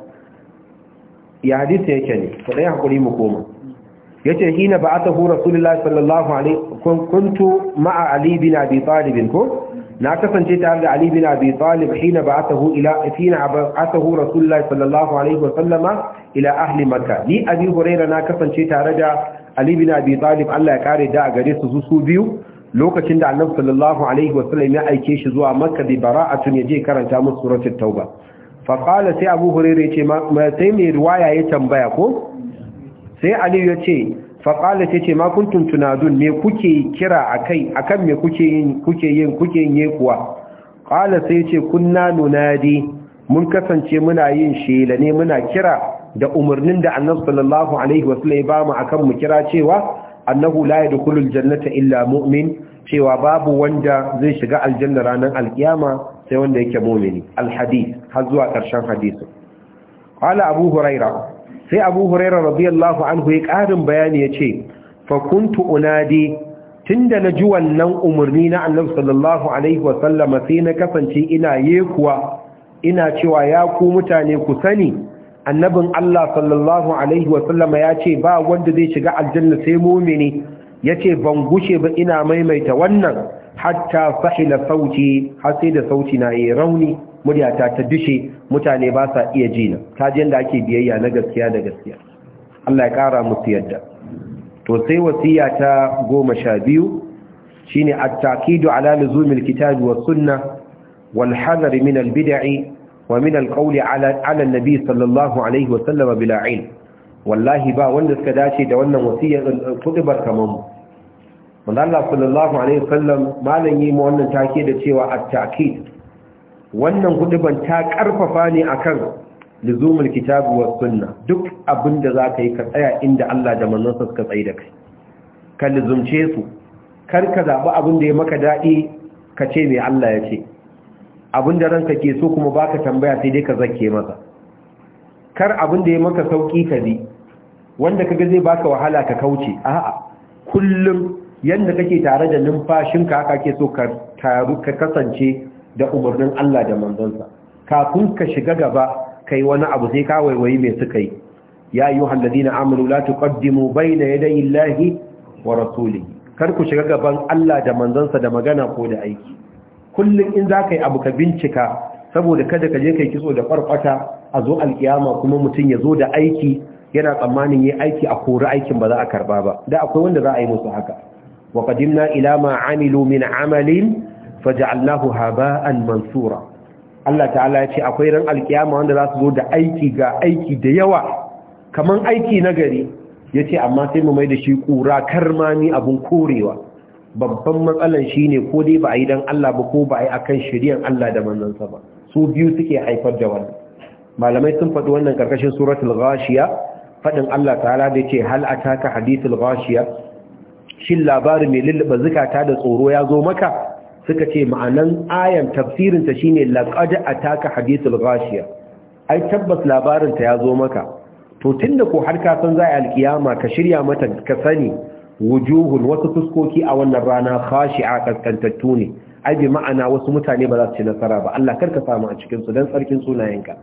[SPEAKER 1] ya hadisi yake ne ko dai hakuri mu koma yace hina ba ba'athahu rasulullahi sallallahu alaihi kuntu ma'a ali bin abi talib ko na kasance tare da ali bin abi talib hina ba'athahu ila hina ba'athahu rasulullahi sallallahu alaihi wa sallama ila ahli makkah ni abi hurairah na kasance tare da ali bin abi talib Allah ya kare da a gare su su biyu lokacin da annabi sallallahu alaihi wasallam ya aike shi zuwa makka bi bara'atun yaje karanta musu suratul tauba fa qala sai abu hurairah yace sai mai riwaya ya tambaya ko sai ali yace fa qala sai yace ma kuntum tunadun me kuke kira akai akan me kuke yin kuke yin kuke yin kuwa qala sai yace kunna nunadi mun kasance muna yin shela ne muna kira da umarnin da annabi sallallahu alaihi wasallam ya bamu akan mu kira cewa annahu la yadkhulul jannata illa mu'min cewa babu wanda zai shiga aljanna ranar alkiyama sai wanda yake mu'mini alhadith har zuwa ƙarshen hadisin qala abu huraira sai abu huraira radiyallahu anhu ya ƙarin bayani yace fa kuntu unadi tunda na ji wannan umarni na annabi sallallahu alaihi wa sallama sai na kasance ina yekuwa ina cewa ya ku mutane ku sani annabin Allah sallallahu alaihi wasallama ya ce ba wanda zai shiga aljanna sai mumini ya ce ban gushe ba ina maimaita wannan hatta sahila sauti har sai da sauti na yi rauni muryata ta dushe mutane ba sa iya jina kajin da ake biyayya na gaskiya da gaskiya Allah ya kara musu yadda to sai wasiya ta goma sha biyu shine at-taqidu ala luzumil kitabi was sunnah wal hadari min al bid'i wa min alqawli ala ala nabi sallallahu alaihi wa sallam bila ilm wallahi ba wanda suka dace da wannan wasiyar uh, kutubar kamar mu Allah sallallahu alaihi wa malan yi mu wannan take da cewa at-ta'kid wannan kutuban ta karfafa ne akan luzumul kitabi was sunna duk abinda zaka yi ka tsaya inda Allah da manzonsa suka tsaye da kai ka luzumce su kar ka zabi abin da ya maka dadi ka ce me Allah ya ce abin da ranka ke so kuma baka tambaya sai dai ka zake masa kar abin da ya maka sauki ka bi wanda kaga zai baka wahala ka kauce a'a kullum yanda kake tare da numfashinka haka ke so ka taru ka kasance da umarnin Allah da manzonsa kafin ka shiga gaba kai wani abu sai ka waiwayi mai suka yi ya yi halladina amanu la tuqaddimu bayna yaday illahi wa rasulihi kar ku shiga gaban Allah da manzonsa da magana ko da aiki kullum in za ka yi abu ka bincika saboda kada ka je ka yi kitso da farfata a zo alkiyama kuma mutum ya zo da aiki yana tsammanin yi aiki a kori aikin ba za a karba ba da akwai wanda za a yi musu haka wa qadimna ila ma amilu min amalin faj'alnahu haba'an mansura Allah ta'ala ya ce akwai ran alkiyama wanda za su zo da aiki ga aiki da yawa kamar aiki na gari ce amma sai mu mai da shi kura karmami abun korewa babban matsalan shine ko dai ba a yi dan Allah ba ko ba a yi akan shari'ar Allah da manzansa ba su biyu suke haifar da wannan malamai sun faɗi wannan ƙarƙashin suratul ghashiya Faɗin Allah ta'ala da yake hal taka hadithul ghashiya shin labarin mai lulluba zukata da tsoro ya zo maka suka ce ma'anan ayan tafsirinta shine a taka hadithul ghashiya ai tabbas labarinta ya zo maka to tunda ko har ka san za a alkiyama ka shirya mata ka sani wujuhun wasu fuskoki a wannan rana khashi'a kaskantattu ne ai bi ma'ana wasu mutane ba za su ci nasara ba Allah karka samu a cikin su dan tsarkin sunayenka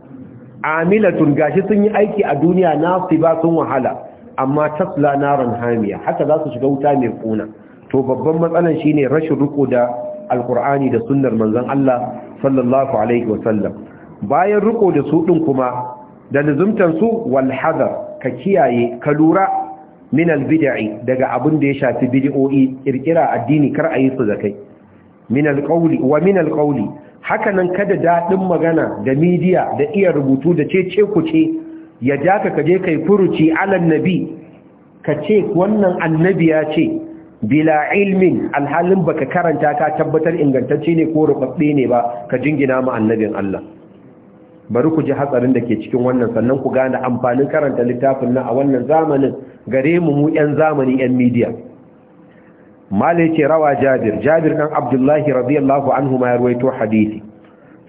[SPEAKER 1] amilatun gashi sun yi aiki a duniya ba sun wahala amma tasla naran hamiya haka za su shiga wuta mai kuna to babban matsalan shine rashin riko da alqur'ani da sunnar manzon Allah sallallahu alaihi bayan riko da su din kuma da lazumtan su wal hadar ka kiyaye ka lura min albid'i daga abin da ya shafi bid'o'i kirkira addini kar a yi su zakai min alqawli wa min alqawli haka nan kada dadin magana da media da iya rubutu da cece kuce ya jaka kaje kai furuci alan nabi ka ce wannan annabi ya ce bila ilmin alhalin baka karanta ka tabbatar ingantacce ne ko rubabbe ne ba ka jingina ma annabin Allah bari ku ji hatsarin da ke cikin wannan sannan ku gane amfanin karanta littafin nan a wannan zamanin gare mu mu 'yan zamani 'yan midiya malai ce rawa jabir jabir ɗan abdullahi radiyallahu anhu ma to hadisi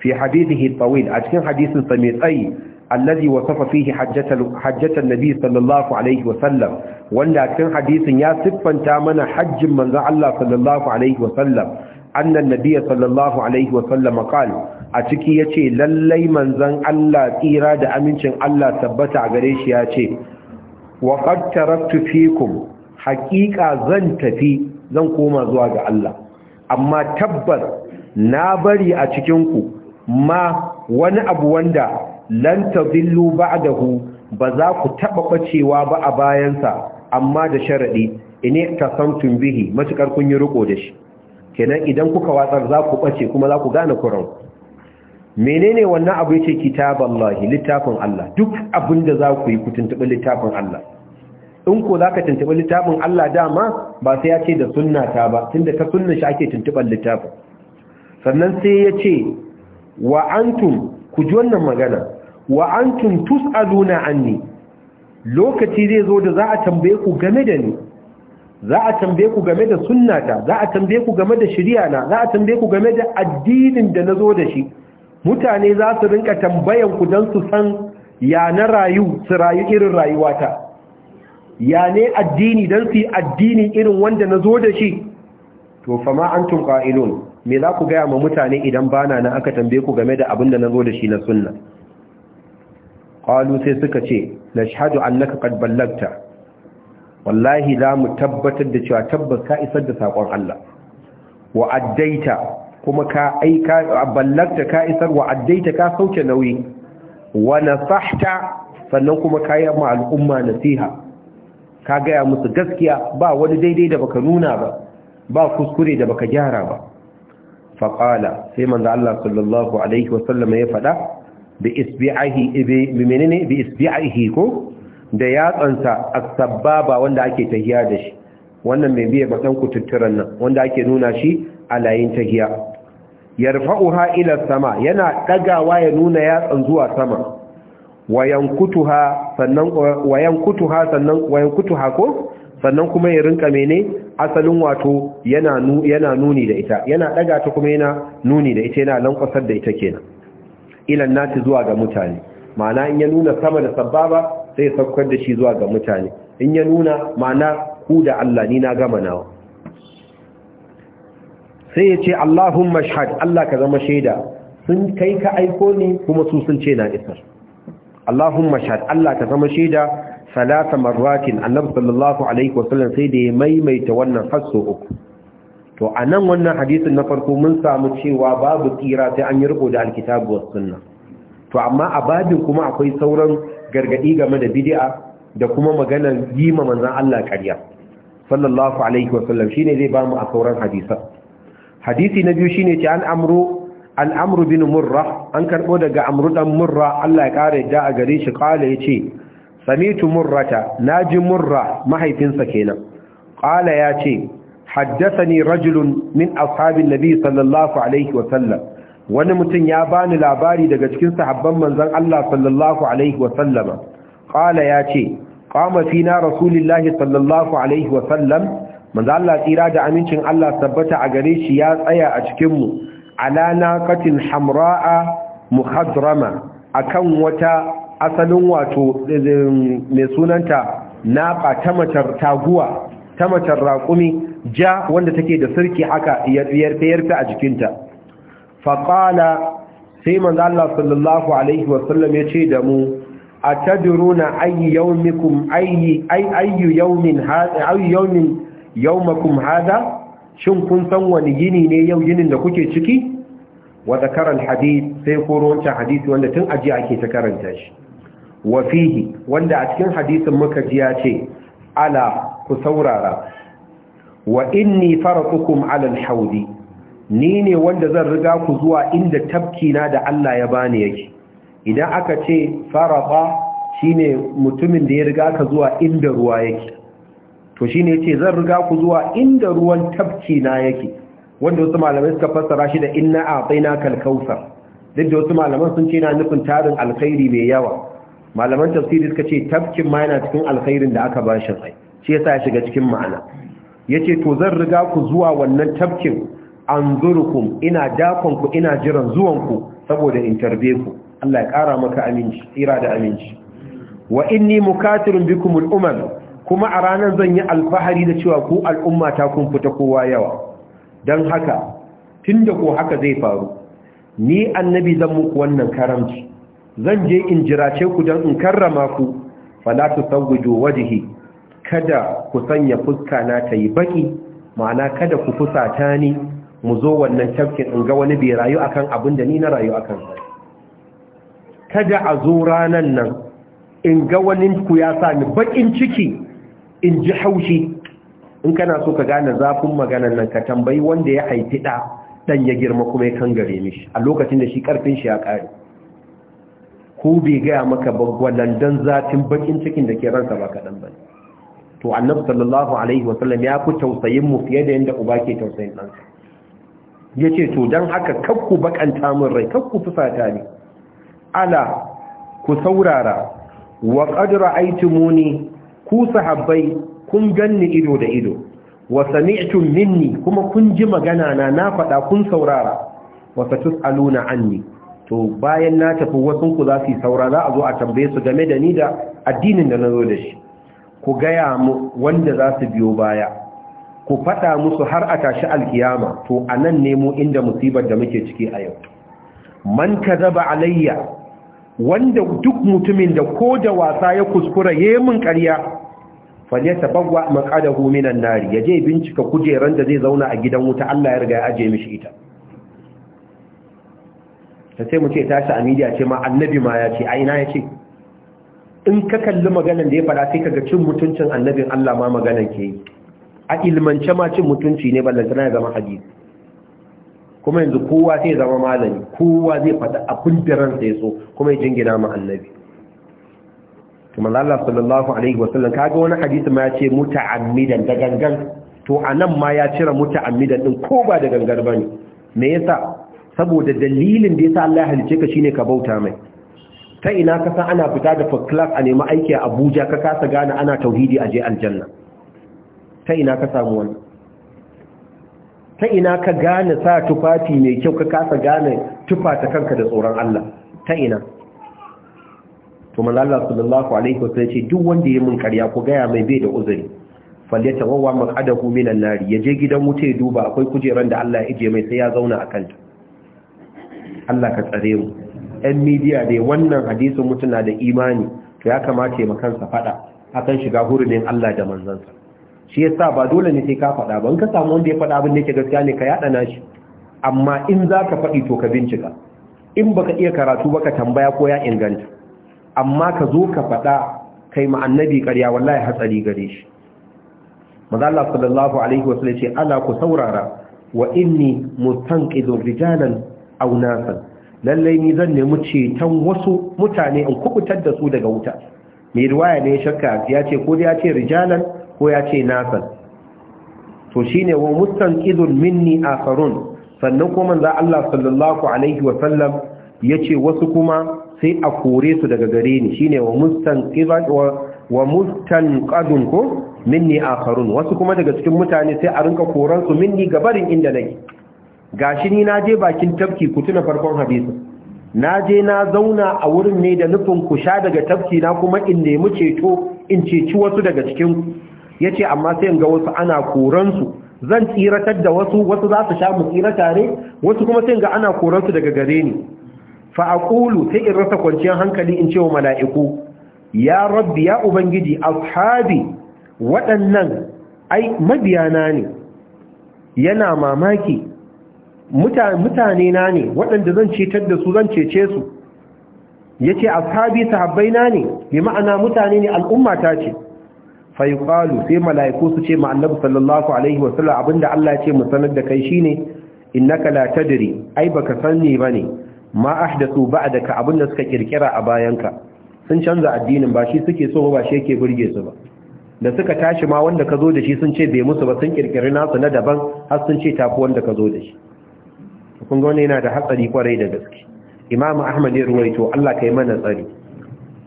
[SPEAKER 1] fi hadisihi tawil a cikin hadisinsa, sa mai tsayi allazi wasafa fihi hajjatal nabi sallallahu alaihi wa sallam wanda cikin hadisin ya siffanta mana hajjin manzon Allah sallallahu alaihi wa sallam annan nabiyya sallallahu alaihi wa sallam qala a ciki yace lallai manzon Allah tsira da amincin Allah tabbata a gare shi ce wa qad taraktu fikum haqiqa zan tafi zan koma zuwa ga Allah amma tabbas na bari a cikin ku ma wani abu wanda lan tadillu ba'dahu ba za ku taba bacewa ba a bayansa amma da sharadi ine tasamtum bihi matukar kun yi riko da shi kenan idan kuka watsar za ku bace kuma za ku gane kuranku menene wannan abu yake kitaballahi littafin Allah duk abinda za ku yi ku tuntuɓi littafin Allah in ko za ka tuntuɓi littafin Allah dama ba sai ya ce da sunna ta ba tunda ka sunna shi ake tuntuɓar littafin sannan sai ya ce wa ku ji wannan magana wa antum tus'aluna anni lokaci zai zo da za a tambaye ku game da ni za a tambaye ku game da sunnata za a tambaye ku game da shari'a na za a tambaye ku game da addinin da na zo da shi mutane za su rinka tambayan ku don su san ya na rayu su rayu irin rayuwata ya ne addini don su yi addini irin wanda na zo da shi to fama an tun ƙa'ilun me za ku gaya ma mutane idan bana na aka tambaye ku game da abin da na zo da shi na sunna ƙwalu sai suka ce na shahadu annaka naka ƙadballarta wallahi za mu tabbatar da cewa tabbas ka isar da saƙon Allah wa addaita kuma ka aika ballarta ka isar wa addaita ka sauke nauyi wa nasahta sannan kuma ka yi ma al'umma nasiha ka gaya musu gaskiya ba wani daidai da baka nuna ba ba kuskure da baka gyara ba faƙala sai manzo Allah sallallahu alaihi wasallam ya faɗa bi isbi'ihi bi menene bi isbi'ihi ko da yatsansa as-sababa wanda ake tahiya da shi wannan mai biye batan kututturan nan wanda ake nuna shi a layin ta giya. tahiya ha ila sama yana dagawa ya nuna yatsan zuwa sama wayankutuha sannan wayankutuha sannan ko sannan kuma ya rinka mene asalin wato yana yana nuni da ita yana daga ta kuma yana nuni da ita yana lankwasar da ita kenan ilan nati zuwa ga mutane ma'ana in ya nuna sama da sababa sai ya saukar da shi zuwa ga mutane in ya nuna ma'ana ku da Allah ni na gama nawa sai ya ce Allahumma shahad Allah ka zama shaida sun kai ka aiko ni kuma su sun ce na isar Allahumma shahad Allah ka zama shaida salasa marratin annabi sallallahu alaihi wasallam sai da ya maimaita wannan hasso uku to anan wannan hadisin na farko mun samu cewa babu tsira sai an yi riko da alkitabu was sunna to amma a babin kuma akwai sauran gargadi game da bid'a da kuma maganar yi ma manzon Allah ƙarya sallallahu alaihi wasallam ne zai bamu a sauran hadisa hadisi na biyu shine ce an amru an bin murra an karɓo daga amru murra Allah ya ƙara yadda a gare shi ya yace samitu murrata na ji murra mahaifinsa kenan ce, yace ni rajulun min ashabin nabi sallallahu alaihi wasallam wani mutum ya bani labari daga cikin sahabban manzon Allah sallallahu alaihi wasallama ya ce. qama fina rasulullahi sallallahu alaihi wa sallam manzo Allah tsira da amincin Allah tabbata a gare shi ya tsaya a cikin mu katin naqatin hamra'a muhadrama akan wata asalin wato eh, mai sunanta naƙa ta matar taguwa ta matar raƙumi ja wanda take da sirki haka yarfe-yarfe a jikinta faƙala sai manzo Allah sallallahu alaihi wa sallam ya ce da mu a taduruna ayyu yawmikum ayyi ayyu yawmin hada ayyu yawmin yawmakum hada shin kun san wani gini ne yau ginin da kuke ciki wa zakaran hadith sai koro wancan hadisi wanda tun aji ake ta karanta shi wa fihi wanda a cikin hadisin muka ji ya ce ala ku saurara wa inni faratukum ala alhawdi ni ne wanda zan riga ku zuwa inda tabkina da Allah ya bani yake idan aka ce faraba ne mutumin da ya riga ka zuwa inda ruwa yake to shi ne ce zan riga ku zuwa inda ruwan tafki na yake wanda wasu malamai suka fassara shi da inna a na kalkausa duk da wasu malaman sun ce na nufin tarin alkhairi mai yawa malaman tafsiri suka ce tafkin ma yana cikin alkhairin da aka ba shi sai shi yasa ya shiga cikin ma'ana yace to zan riga ku zuwa wannan tafkin anzurukum ina dakon ku ina jiran zuwan ku saboda in tarbe ku Allah ya ƙara maka aminci tsira da aminci wa inni mukatirun bikum al-umam kuma a ranar zan yi alfahari da cewa ku al'umma ta kun fita kowa yawa don haka tunda ko haka zai faru ni annabi zan muku wannan karamci zan je in jirace ku don in karrama ku fala tusawwiju wajhi kada ku sanya fuska na ta yi baki ma'ana kada ku fusata ni mu zo wannan tafkin in ga wani bai rayu akan abin da ni na rayu akan kada a zo ranan nan in ga wani ku ya sami bakin ciki in ji haushi in kana so ka gane zafin maganan nan ka tambayi wanda ya haifi da dan ya girma kuma ya kangare mishi a lokacin da shi karfin shi ya kare ko bai gaya maka bagwalan dan zafin baƙin cikin da ke ransa ba kaɗan ba to annabi sallallahu alaihi wasallam ya fi tausayin mu fiye da yadda uba ke tausayin ɗansa ya ce to don haka kakku bakanta min rai kakku fusata ne ala ku saurara wa ƙadura aitimuni ku sahabbai kun ganni ido da ido wa sami'tum minni kuma kun ji magana na na faɗa kun saurara wa an anni to bayan na tafi wasu ku za su saura za a zo a tambaye su game da ni da addinin da na zo da shi ku gaya mu wanda za su biyo baya ku faɗa musu har a tashi alkiyama to a nan nemo inda musibar da muke ciki a yau man kazaba alayya wanda duk mutumin da ko da wasa ya kuskura yemin ƙarya falle tabawwa maqadahu minan nari ya je bincika kujeran da zai zauna a gidan wuta Allah ya riga ya aje mishi ita ta sai mu ce tashi a media ce ma annabi ma ya ce aina ya ce in ka kalli maganar da ya fara sai ka ga cin mutuncin annabin Allah ma maganar ke yi a ilmance ma cin mutunci ne ballantana ya zama hadisi kuma yanzu kowa sai zama malami kowa zai fata abin da sai so kuma ya jingina ma annabi kuma Allah sallallahu alaihi wasallam kaga wani hadisi ma ya ce muta'ammidan da gangan to anan ma ya cire muta'ammidan din ko ba da gangar bane me yasa saboda dalilin da yasa Allah ya halice ka shine ka bauta mai ta ina ka san ana fita da first class a nemi aiki a Abuja ka kasa gane ana tauhidi a je aljanna ta ina ka samu wani ta ina ka gane sa tufafi mai kyau ka kasa gane tufa ta kanka da tsoron Allah ta ina to manzo Allah sallallahu alaihi wasallam ce duk wanda ya mun karya ko gaya mai bai da uzuri falyata wawa min minan nari je gidan wuta ya duba akwai kujeran da Allah ya ije mai sai ya zauna a kanta Allah ka tsare mu ɗan midiya dai wannan hadisin mutuna da imani to ya kamata ya makansa fada akan shiga hurumin Allah da manzansa shi yasa ba dole ne sai ka faɗa ba in ka samu wanda ya faɗa abin da yake gaskiya ne ka yaɗa nashi amma in za ka faɗi to ka bincika in baka iya karatu ba ka tambaya ko ya inganta amma ka zo ka faɗa kai ma annabi ƙarya wallahi hatsari gare shi maza Allah sallallahu alaihi wa sallam ce ala ku saurara wa inni mustanqidu rijalan aw nasan lalle ni zan nemi ceton wasu mutane in kubutar da su daga wuta mai riwaya ne shakka ya ce ko da ya ce rijalan ko ya ce nasan to shi ne wa mustanqidun minni akharun sannan kuma za Allah sallallahu alaihi wa sallam ce wasu kuma sai a kore su daga gare ni Shi ne wa mustanqidan wa mustanqadun ko minni akharun wasu kuma daga cikin mutane sai a rinka koran su minni gabarin inda nake gashi ni je bakin tafki ku tuna farkon hadisi je na zauna a wurin ne da nufin ku sha daga tafki na kuma in nemi ceto in ceci wasu daga cikin ya ce amma sai ga wasu ana koransu zan tsiratar da wasu wasu za su sha mu tsira tare wasu kuma sai ga ana koransu daga gare ni fa aqulu sai in rasa kwanciyar hankali in ce wa mala'iku ya rabbi ya ubangiji ashabi waɗannan ai mabiyana ne yana mamaki mutane na ne waɗanda zan cetar da su zan cece su yace ashabi sahabbaina ne bi ma'ana mutane ne al'umma ta ce fayuqalu sai mala'iku su ce ma annabi sallallahu alaihi wasallam abinda Allah ya ce mu sanar da kai shine innaka la tadri ai ba ka baka ba ne ma da ka abinda suka kirkira a bayanka sun canza addinin ba shi suke so ba shi yake burge su ba da suka tashi ma wanda ka zo da shi sun ce bai musu ba sun kirkiri nasu na daban har sun ce tafi wanda ka zo da shi kun ga wani yana da hatsari kwarai da gaske imamu ahmad ya ruwaito Allah kai mana tsari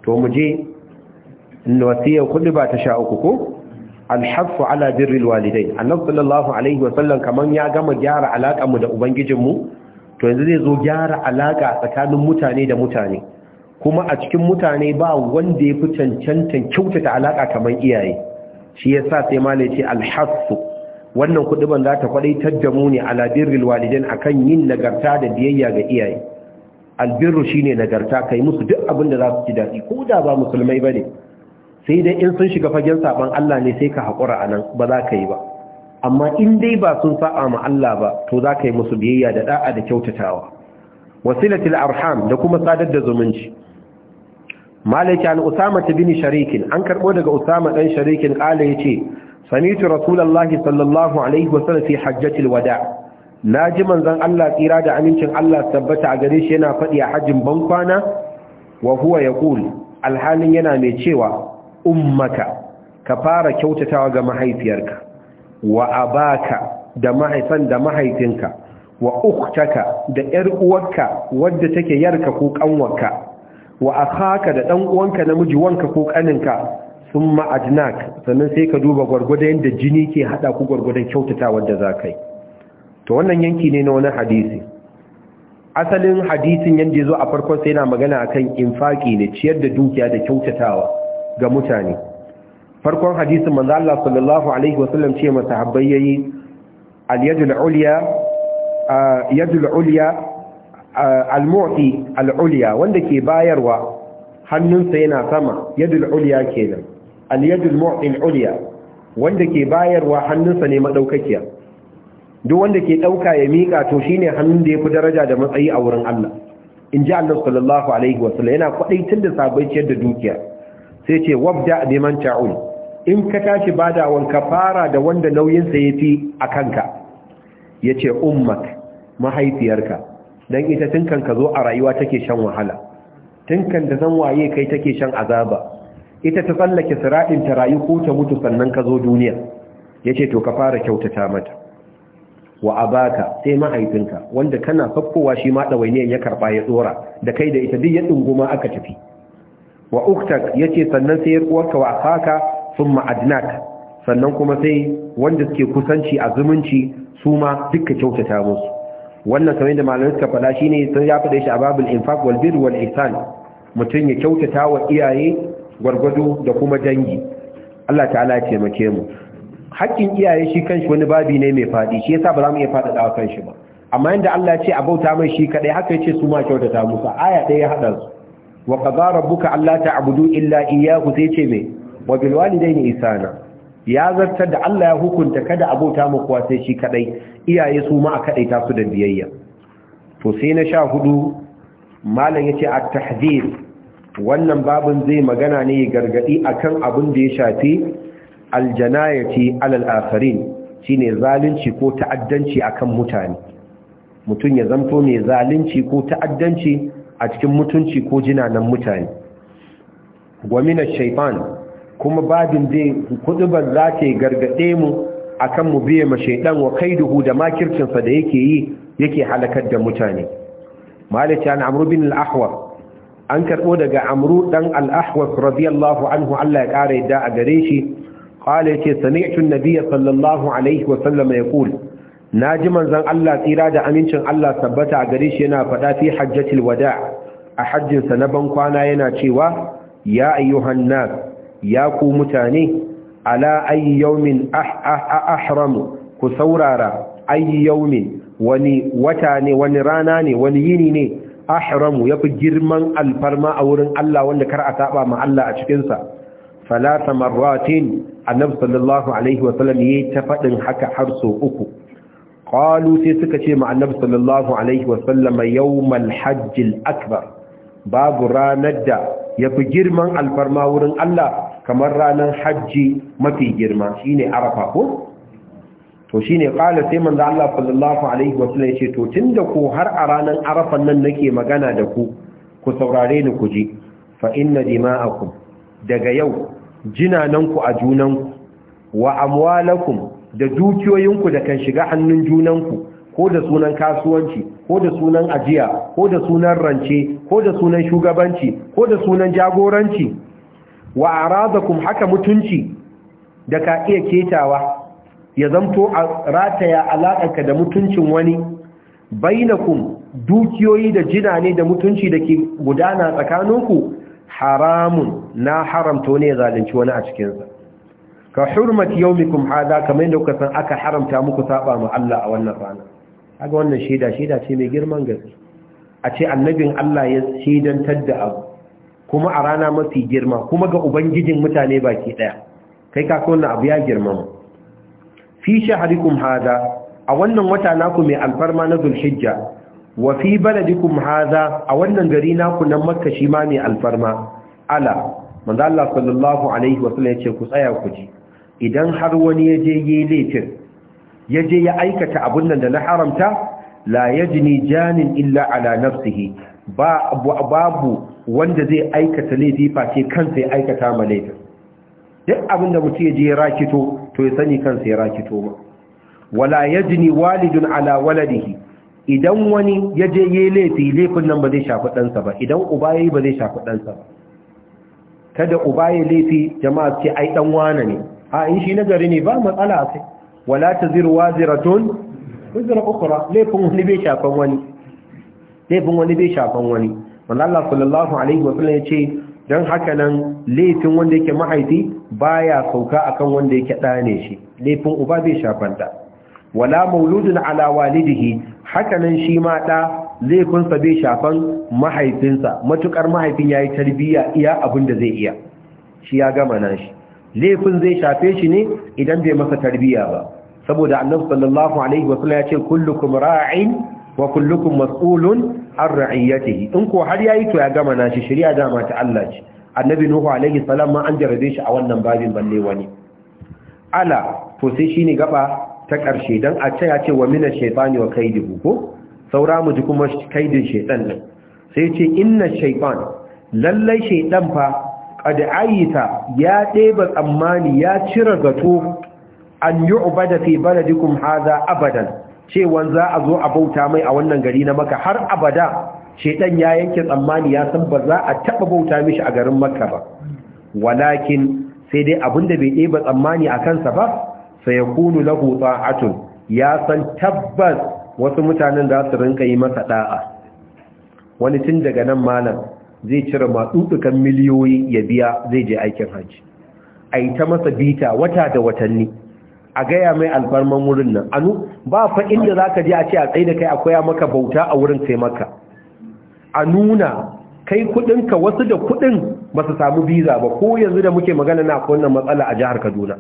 [SPEAKER 1] to mu je wasiyar kuɗi ba ta sha uku ko alhaffu ala walidai annabi sallallahu alaihi wa sallam kaman ya gama gyara alaka mu da ubangijin mu? to yanzu zai zo gyara alaka tsakanin mutane da mutane kuma a cikin mutane ba wanda ya fi cancantan kyautata alaka kamar iyaye shi yasa sai malai ce wannan kuɗi za ta kwadaitar da mu ne ala walidai walidain akan yin nagarta da biyayya ga iyaye albirru shine nagarta kai musu duk abin da za su ji daɗi ko da ba musulmai bane sai dai in sun shiga fagen saban Allah ne sai ka haƙura a nan ba za ka yi ba amma in dai ba sun sa'a ma Allah ba to za ka yi musu biyayya da da'a da kyautatawa wasilatul arham da kuma sadar da zumunci malaka an usama bin sharikin an karbo daga usama dan sharikin kala yace samitu rasulullahi sallallahu alaihi sallam fi hajjatil wada naji manzon Allah tsira da amincin Allah tabbata a gare shi yana faɗi a hajjin bankwana wa huwa yaqul alhalin yana mai cewa ummaka ka fara kyautatawa ga mahaifiyarka wa abaka da mahaifan da mahaifinka wa uktaka da ƴar uwarka wadda take yarka ko kanwarka wa akhaka da dan uwanka namiji wanka ko kaninka thumma ajnak sannan sai ka duba gurgurda yanda jini ke hada ku gurgurdan kyautatawa da zakai to wannan yanki ne na wani hadisi asalin hadisin yanda yazo a farkon sai yana magana akan infaki ne ciyar da dukiya da kyautatawa ga mutane farkon hadisin manzo Allah sallallahu alaihi wasallam ce masahabbai yayi al-yadul ulya yadul ulya al-mu'ti al-ulya wanda ke bayarwa hannunsa yana sama yadul ulya kenan al-yadul mu'ti al-ulya wanda ke bayarwa hannunsa ne madaukakiya duk wanda ke dauka ya mika to shine hannun da yafi daraja da matsayi a wurin Allah in ji Allah sallallahu alaihi wasallam yana kwadaitar da sabaiciyar da dukiya sai ce wabda biman ta'ul in ka tashi bada ka fara da wanda nauyin sa fi a kanka yace ummak mahaifiyarka dan ita tunkan ka zo a rayuwa take shan wahala tunkan da zan waye kai take shan azaba ita ta tsallake siradin ta rayu ko ta mutu sannan ka zo duniya yace to ka fara kyautata mata wa abaka sai mahaifinka wanda kana fakkowa shi ma ɗawainiyar ya karɓa ya tsora da kai da ita duk ya dunguma aka tafi wa uktak ce sannan sai yar uwarka wa akaka thumma adnak sannan kuma sai wanda suke kusanci a zumunci su ma duka kyautata musu wannan kamar da malamai suka faɗa shine sun ya faɗa shi a babul infaq wal birr wal ihsan mutum ya kyautata wa iyaye gwargwado da kuma dangi Allah ta'ala ya taimake mu haƙƙin iyaye shi kanshi wani babi ne mai faɗi shi yasa ba za mu iya faɗaɗa wa kanshi ba amma yanda Allah ya ce a bauta mai shi kaɗai haka ya ce su ma kyautata musu aya ɗaya ya haɗa su wa qadara rabbuka alla ta'budu illa iyyahu sai ce me wa bil walidayni ihsana ya zartar da Allah ya hukunta kada abota mu kuwa sai shi kadai iyaye su ma a ta su da biyayya to sai na sha hudu malam yace at-tahdhir wannan babin zai magana ne gargadi akan abin da ya shafi aljanayati alal akharin shine zalunci ko ta'addanci akan mutane mutum ya zanto mai zalunci ko ta'addanci a cikin mutunci ko jinanan mutane gwamina shaifan kuma babin zai kudubar za ta gargaɗe mu akan mu biya ma shaitan wa duhu da makircinsa da yake yi yake halakar da mutane malaka an amru bin al'ahwar. an karɓo daga amru ɗan al'ahwas radiyallahu anhu Allah ya ƙara yadda a gare shi kwale ce sami'tun nabiya sallallahu alaihi wasallam ya ƙul na ji manzon Allah tsira da amincin Allah tabbata a gare shi yana faɗa fi hajjatil wada a hajjinsa na ban kwana yana cewa ya ayyuhan nas ya ku mutane ala ayyi yawmin ah, ah, ah, ahramu ku saurara ayi yawmin wani wata ne wani rana ne wani yini ne ahramu yafi girman alfarma a wurin Allah wanda kar a saba ma Allah a cikin sa salata marratin annabi sallallahu alaihi wa yayi ta fadin haka har so uku qalu sai suka ce ma annabi sallallahu alaihi wasallam yawmal hajjil akbar babu ranar da yafi girman alfarma wurin Allah kamar ranar hajji mafi girma shine arafa ko to shine qala sai manzo Allah sallallahu alaihi wasallam yace to tunda ko har a ranar arafa nan nake magana da ku ku saurare ni ku ji fa inna dima'akum daga yau ku a junanku wa amwalakum da dukiyoyinku da kan shiga hannun junanku ko da sunan kasuwanci ko da sunan ajiya ko da sunan rance ko da sunan shugabanci ko da sunan jagoranci wa aradakum haka mutunci da ka iya ketawa ya zamto a rataya alaƙarka da mutuncin wani bainakum dukiyoyi da jina ne da mutunci da ke gudana tsakaninku haramun na haramta ne ya zalunci wani a cikinsa ka hurmati yawmikum hada kamar yadda kuka san aka haramta muku saba ma Allah a wannan rana kaga wannan shaida shaida ce mai girman gaske a ce annabin Allah ya shaidantar da abu kuma a rana mafi girma kuma ga ubangijin mutane baki daya kai ka wannan abu ya girma fi shahrikum hada a wannan wata naku mai alfarma na zulhijja wa fi baladikum hada, a wannan gari naku nan makka shi ma ne alfarma ala manzo Allah sallallahu alaihi wa sallam yace ku tsaya ku ji idan har wani ya je yi laifin ya je ya aikata abun nan da na haramta la yajni janin illa ala nafsihi ba babu wanda zai aikata laifi ce kansa ya aikata ma laifin duk abin da mutum ya je rakito to ya sani kansa ya rakito ba wala yajni walidun ala waladihi idan wani ya je yi laifi laifin nan ba zai shafi ɗansa ba idan uba yayi ba zai shafi ɗansa ba kada uba ya laifi jama'a ce ai dan wane ne a in shi nazari ne ba matsala a wala ta ziru waziratun wazira ukura laifin wani bai shafan wani laifin wani bai shafan wani wanda Allah sallallahu alaihi wasallam ya ce don haka nan laifin wanda yake mahaifi baya sauka akan wanda yake ɗane shi laifin uba bai shafanta wala mauludun ala walidihi haka nan shi ma ɗa laifinsa bai shafan mahaifinsa matukar mahaifin ya yi tarbiyya iya abinda da zai iya shi ya gama nan shi laifin zai shafe shi ne idan bai masa tarbiya ba saboda annabi sallallahu alaihi wasallam ya ce kullukum ra'in wa kullukum mas'ulun an ra'iyatihi in ko har yayi to ya gama na shi shari'a da ta Allah ce annabi nuhu alaihi salam ma an jarabe shi a wannan babin balle wani ala to sai shine gaba ta karshe dan a ce ya ce wa mina shaytani wa kaidihu ko saura mu ji kuma kaidin shaytan ne? sai ce inna shaytan lallai shaytan fa qad ayita ya ɗeba tsammani ya cire zato an yu'bada fi baladikum hadha abadan cewan za a zo a bauta mai a wannan gari na maka har abada ɗan ya yanke tsammani ya san ba za a taɓa bauta mishi a garin makka ba walakin sai dai abinda bai ɗeba tsammani a kansa ba sai ya kunu lahu ta'atun ya san tabbas wasu mutanen za su rinka yi masa ɗa'a wani tun daga nan malam zai cire maɗuɗukan miliyoyi ya biya zai je aikin hajji a yi ta masa bita wata da watanni a gaya mai alfarman wurin nan anu ba fa inda za ka je a ce a tsaye da kai akwai maka bauta a wurin sai maka a nuna kai kudinka wasu da kudin ba su samu biza ba ko yanzu da muke magana na akwai wannan matsala a jihar kaduna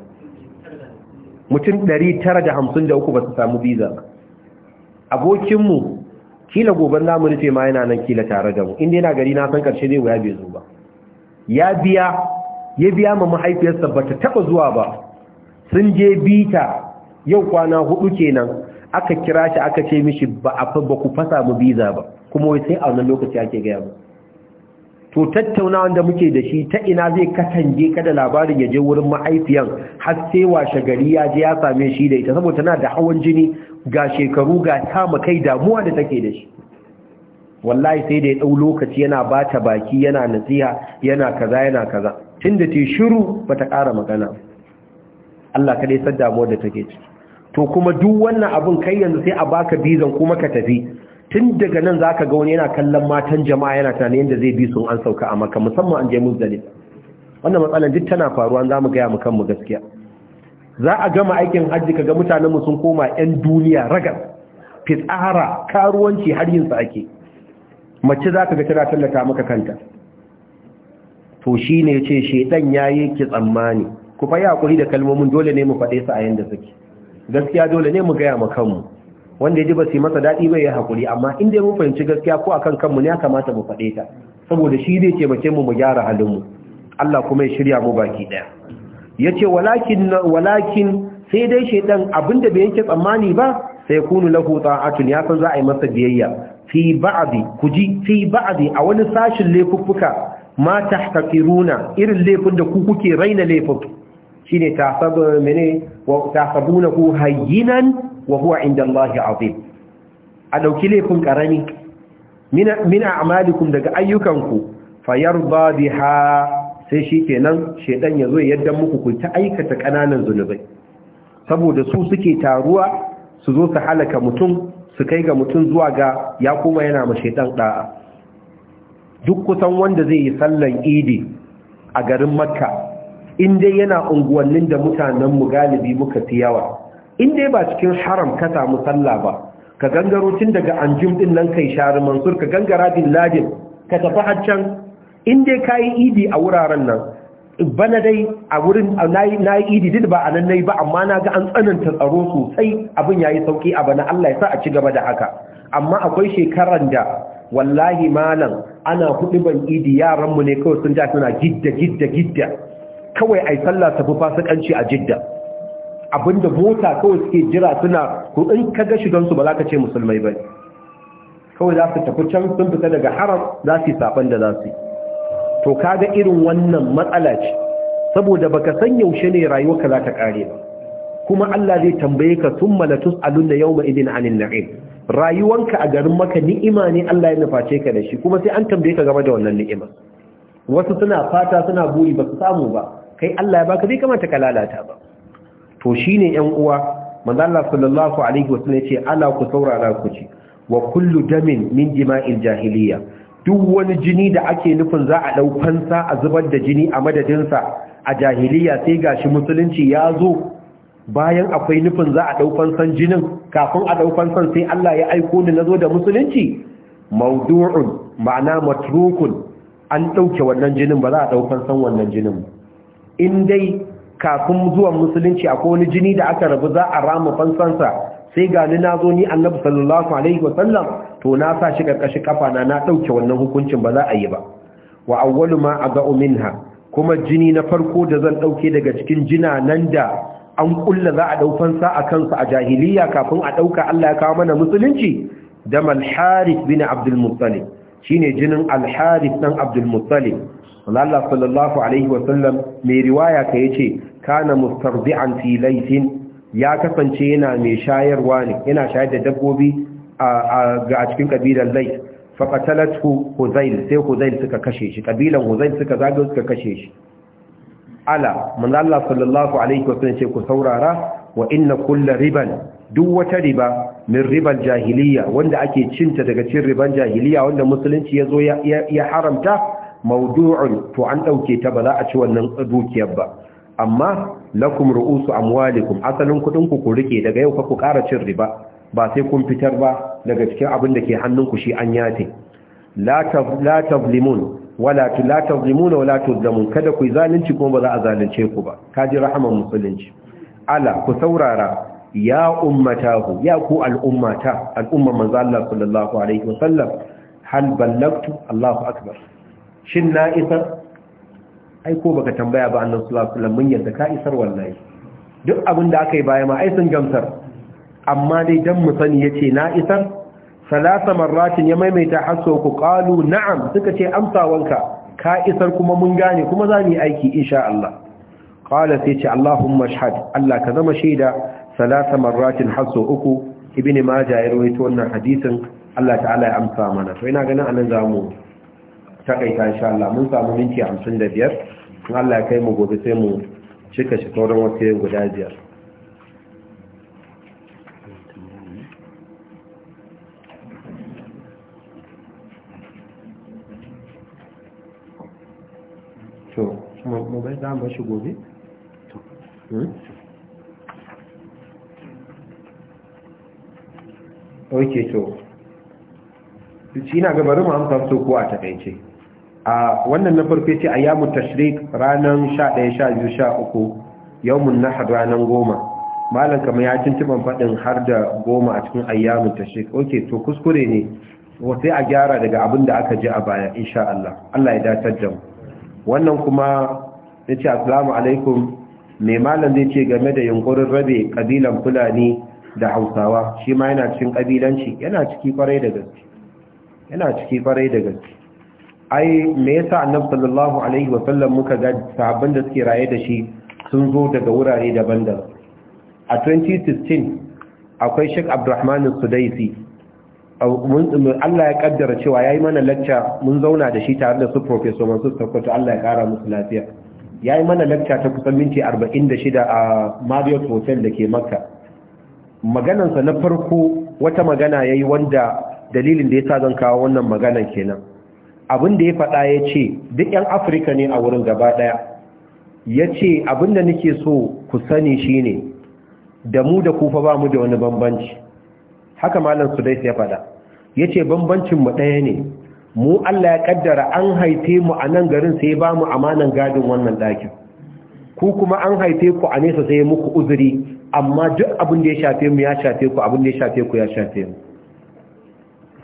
[SPEAKER 1] mutum ɗari 953 ba su samu biza ba abokinmu kila goban za mu rufe ma yana nan kila tare da mu dai yana gari na san karshe zai wuya bai zo ba ya biya ya biya ma mahaifiyarsa ba ta taɓa zuwa ba sun je bita yau kwana hudu kenan aka kira shi aka ce mishi ba a fa ba ku fasa mu biza ba kuma wai sai a wannan lokaci ake gaya mu to tattaunawa da muke da shi ta ina zai katange kada labarin ya je wurin mahaifiyan har sai washe gari ya je ya same shi da ita saboda tana da hawan jini ga shekaru ga kama kai damuwa da take da shi wallahi sai da ya dau lokaci yana bata baki yana nasiha yana kaza yana kaza Tunda ta shiru bata ƙara magana Allah ka dai san damuwar da take ciki to kuma duk wannan abun kai yanzu sai a baka bizan kuma ka tafi tun daga nan zaka ga wani yana kallon matan jama'a yana tunanin yanda zai bi sun an sauka a maka musamman an je muzdalifa wannan matsalar duk tana faruwa za mu gaya mu kanmu gaskiya za a gama aikin hajji kaga mutanen mu sun koma yan duniya ragar fitsara karuwanci har yin sa ake mace za ka ga tana tallata maka kanta to shine yace shedan yayi ki tsammani ku fa hakuri da kalmomin dole ne mu faɗe su a yanda suke gaskiya dole ne mu gaya ma kanmu wanda ya ji ba su masa daɗi bai yi hakuri amma in dai mun fahimci gaskiya ko a kan kanmu ne ya kamata mu faɗe ta saboda shi zai ce mace mu mu gyara halinmu Allah kuma ya shirya mu baki ɗaya yace walakin walakin sai dai shedan abinda bai yanke tsammani ba sai kunu lahu ta'atun ya san za a yi masa biyayya fi ba'di fi a wani sashin laifuffuka ma tahqiruna irin laifin da ku kuke raina laifin shine tasabu mene wa tasabunahu hayyinan wa huwa inda Allahi azim a ɗauki laifin karami min amalikun daga ayyukanku fayarda biha sai shi ke kenan shaidan ya zo yadda muku ku ta aikata ƙananan zunubai saboda su suke taruwa su zo su halaka mutum su kai ga mutum zuwa ga ya kuma yana ma shaidan ɗa'a duk kusan wanda zai yi sallan idi a garin makka in yana unguwannin da mutanen mu galibi muka fi yawa in dai ba cikin haram ka samu sallah ba ka gangaro tun daga anjum din nan kai sharu mansur ka gangara bin ladin ka tafi haccan in dai ka yi idi a wuraren nan bana dai a wurin na yi idi duk ba a nan na yi ba amma na ga an tsananta tsaro sosai abin ya yi sauƙi a bana Allah ya sa a ci gaba da haka amma akwai shekaran da wallahi malam ana hudu ban idi yaranmu ne kawai sun ja suna gidda gidda gidda kawai ai sallah ta fi fasikanci a jidda abinda mota kawai suke jira suna kuɗin ka ga shi don su ba za ka ce musulmai ba kawai za su tafi can sun fita daga haram za su yi saɓan da za su yi to kaga irin wannan matsala ce saboda baka san yaushe ne rayuwarka za ta kare ba kuma Allah zai tambaye ka summa la tus'aluna yawma idin anin na'im rayuwanka a garin maka ni'ima ne Allah ya nuface ka da shi kuma sai an tambaye ka game da wannan ni'ima wasu suna fata suna buri ba su samu ba kai Allah ya baka bai kamata ka lalata ba to shine 'yan uwa manzo Allah sallallahu alaihi wasallam ya ce ala ku saurara ku ci wa kullu damin min jima'il jahiliya duk wani jini da ake nufin za a ɗaukansa a zubar da jini a madadinsa a jahiliya sai gashi musulunci ya zo bayan akwai nufin za a ɗaukansan jinin kafin a ɗaukansan sai Allah ya aiko ni na zo da musulunci maudu'un ma'ana matrukun an ɗauke wannan jinin ba za a ɗaukansan wannan jinin in dai kafin zuwan musulunci akwai wani jini da aka rabu za a rama fansansa sai ga ni nazo ni annabi sallallahu alaihi wasallam to na sa shi karkashin kafa na na dauke wannan hukuncin ba za a yi ba wa awwalu ma aga'u minha kuma jini na farko da zan dauke daga cikin jina nan da an kulla za a daufan sa a kansa a jahiliya kafin a dauka Allah ya kawo mana musulunci dam al bin abdul muttalib shine jinin al-harith dan abdul muttalib Allah sallallahu alaihi wasallam mai riwaya ka yace kana mustardi'an fi laytin ya kasance yana mai shayarwa ne yana shayar da dabbobi a cikin kabilar lai Faƙatalat huzail sai huzail suka kashe shi kabilan huzail suka zagayo suka kashe shi ala manzo Allah sallallahu alaihi wasallam ce ku saurara wa inna kullu riban duk wata riba min ribal jahiliya wanda ake cinta daga cin riban jahiliya wanda musulunci yazo ya haramta mawdu'un to an dauke ta ba za a ci wannan dukiyar ba amma lakum ru'usu amwalikum asalin kudin ku ku rike daga yau ku ƙara cin riba ba sai kun fitar ba daga cikin abin da ke hannun ku shi an yace la tazlimun wala la tazlimuna wala tuzlamun kada ku zalunci kuma ba za a zalunce ku ba kaji rahaman musulunci ala ku saurara ya ummatahu ya ku al'ummata al'umman manzo Allah sallallahu alaihi wasallam hal ballagtu Allahu akbar shin na isa? ai ko baka tambaya ba annabi sallallahu alaihi wasallam mun ka isar wallahi duk abin da aka baya ma ai sun gamsar amma dai dan mu sani yace na isar salasa marratin ya maimaita hasso ku qalu na'am suka ce amsawanka ka isar kuma mun gane kuma za mu yi aiki insha Allah qala sai ce Allahumma shahid Allah ka zama shaida salasa marratin hasso uku ibn majah ya rawaito wannan hadisin Allah ta'ala ya amsa mana to ina ganin anan zamu takaita insha Allah mun samu minti 55 in Allah ya kai mu gobe sai mu cika shi sauran wasu guda biyar to mu bai za mu shi gobe hmm? ok to shi na gabarin mu amsa ko a takaice a wannan na farko ce ayyamu tashrik ranan 11 12 13 yawmun nahar ranar goma malam kamar ya tuntuban fadin har da goma a cikin ayyamu tashrik okay to kuskure ne sai a gyara daga abin da aka ji a baya insha Allah Allah ya datar da mu wannan kuma ya ce assalamu alaikum mai malam zai ce game da yunkurin rabe kabilan fulani da Hausawa shi ma yana cikin kabilanci yana ciki kwarai yana ciki kwarai da gaske ai me yasa annabi sallallahu alaihi wa sallam muka ga sahabban da suke raye da shi sun zo daga wurare daban-daban a 2016 akwai Sheikh Abdulrahman Sudaisi Allah ya kaddara cewa yayi mana lecture mun zauna da shi tare da su professor Mansur Sokoto Allah ya kara musu lafiya yayi mana lecture ta kusan minti 46 a Marriott Hotel ke Makka maganansa na farko wata magana yayi wanda dalilin da yasa zan kawo wannan maganar kenan abin da ya faɗa ya ce duk 'yan afirka ne a wurin gaba ɗaya ya ce abin da nake so ku sani shine da mu da kufa ba mu da wani bambanci haka malam sudais ya faɗa ya ce mu ɗaya ne mu allah ya ƙaddara an haife mu a nan garin sai ba mu amanan gadin wannan ɗakin ku kuma an haife ku a nesa sai muku uzuri amma duk abin da ya shafe mu ya shafe ku abin da ya shafe ku ya shafe mu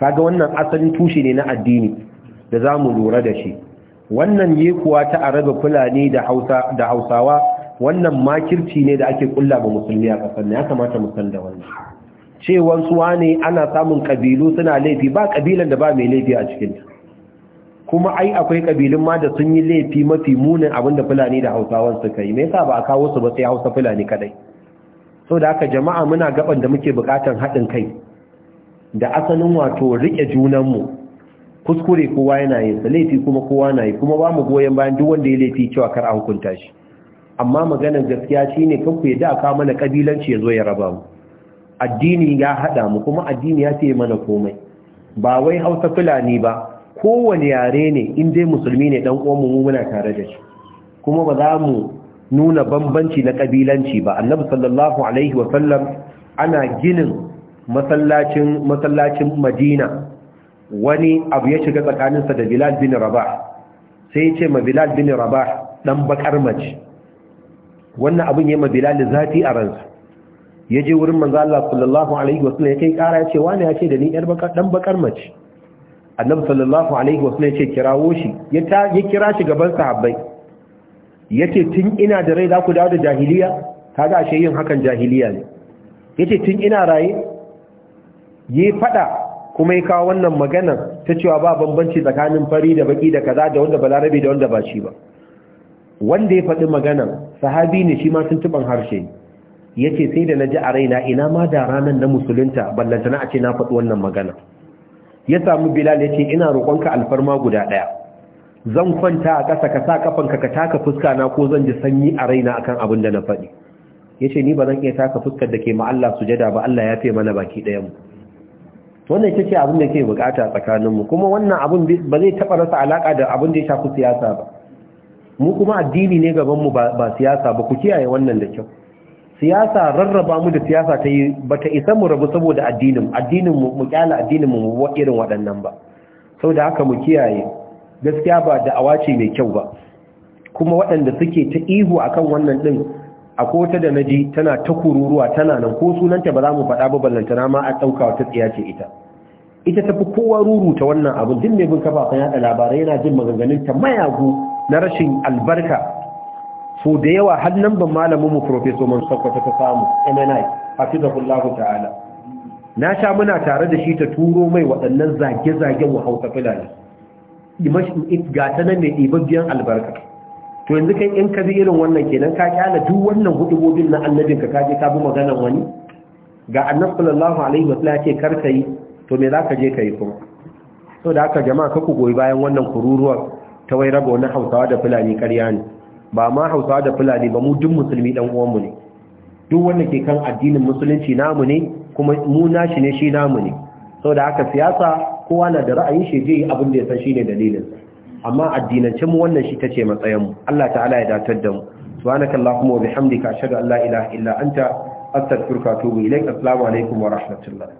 [SPEAKER 1] kaga wannan asalin tushe ne na addini da za mu lura da shi wannan yekuwa ta a araba fulani da hausawa wannan makirci ne da ake kulla ba musulmi a ƙasar ne ya kamata musan da wannan cewan suwa ne ana samun ƙabilu suna laifi ba ƙabilan da ba mai laifi a cikinta kuma ai akwai ƙabilun ma da sun yi laifi mafi munin abin da fulani da hausawan suka yi me yasa ba a kawo su ba sai hausa fulani kadai so da haka jama'a muna gaban da muke bukatan haɗin kai da asalin wato riƙe junanmu kuskure kowa yana yin sa laifi kuma kowa na yi kuma ba mu goyen bayan duk wanda ya laifi cewa kar a hukunta shi amma maganar gaskiya shine kan ku yadda aka mana kabilanci ya zo ya raba mu addini ya haɗa mu kuma addini ya ce mana komai ba wai Hausa Fulani ba kowane yare ne in dai musulmi ne dan uwan mu muna tare da shi kuma ba za mu nuna bambanci na kabilanci ba annabi sallallahu alaihi wa sallam ana ginin masallacin masallacin Madina wani abu ya shiga tsakaninsa da bilal bin rabah sai ya ce ma bilal bin rabah dan bakar mace wannan abin ya ma bilal zafi a ransa ya je wurin manzo Allah sallallahu alaihi wasallam ya kai kara ya ce wani ya ce da ni yar bakar dan bakar mace annabi sallallahu alaihi wasallam ya ce kirawo shi ya ya kira shi gaban sahabbai yace tun ina da rai za ku dawo da jahiliya kaga ashe yin hakan jahiliya ne yace tun ina raye yi fada kuma ya kawo wannan magana ta cewa ba bambanci tsakanin fari da baki da kaza da wanda balarabe da wanda ba shi ba wanda ya faɗi magana sahabi ne shi ma tuban harshe ya ce sai da na ji a raina ina ma da ranar na musulunta na a ce na faɗi wannan magana ya samu bilal ya ce ina roƙonka alfarma guda ɗaya zan kwanta a ƙasa ka sa kafanka ka taka fuska na ko zan ji sanyi a raina akan abin da na faɗi ya ce ni ba zan iya taka fuskar da ke ma Allah sujada ba Allah ya fi mana baki ɗayan mu wannan ita ce abin da ke bukata tsakaninmu kuma wannan abin ba zai taba rasa alaka da abin da ya shafi siyasa ba mu kuma addini ne gabanmu ba siyasa ba ku kiyaye wannan da kyau siyasa rarraba mu da siyasa ta yi ba ta isa mu rabu saboda addinin addinin mu mu kyala addinin mu mu irin waɗannan ba saboda haka mu kiyaye gaskiya ba da awace mai kyau ba kuma waɗanda suke ta ihu akan wannan din akwai wata da naji tana ta kururuwa tana nan ko sunanta ba za mu faɗa ba ballantana ma a ɗauka wata tsiya ce ita ita tafi kowa ruruta wannan abin duk mai bin kafafen yada labarai yana jin maganganunta ta mayagu na rashin albarka so da yawa har nan ban malamin mu professor Mansur ta samu MNI hafizahullahu ta'ala na sha muna tare da shi ta turo mai waɗannan zage-zagen wa hausa fulani ga ta nan mai ɗibabiyan albarka to yanzu kai in ka bi irin wannan kenan ka kyala duk wannan hudubobin na annabin ka kaje ka bi maganar wani ga annabi sallallahu alaihi wasallam yake karka yi to me zaka je kai kuma to da haka jama'a ka ku goyi bayan wannan kururuwar ta wai raba wani Hausawa da Fulani ƙarya ne ba ma Hausawa da Fulani ba mu duk musulmi dan uwanmu ne duk wanda ke kan addinin musulunci namu ne kuma mu nashi ne shi namu ne saboda haka siyasa kowa na da ra'ayin shi je abin da ya san shine dalilin amma addinance mu wannan shi tace matsayin mu Allah ta'ala ya datar da mu subhanaka allahumma wa bihamdika ashhadu an la ilaha illa anta astaghfiruka wa atubu ilaik assalamu alaikum wa rahmatullah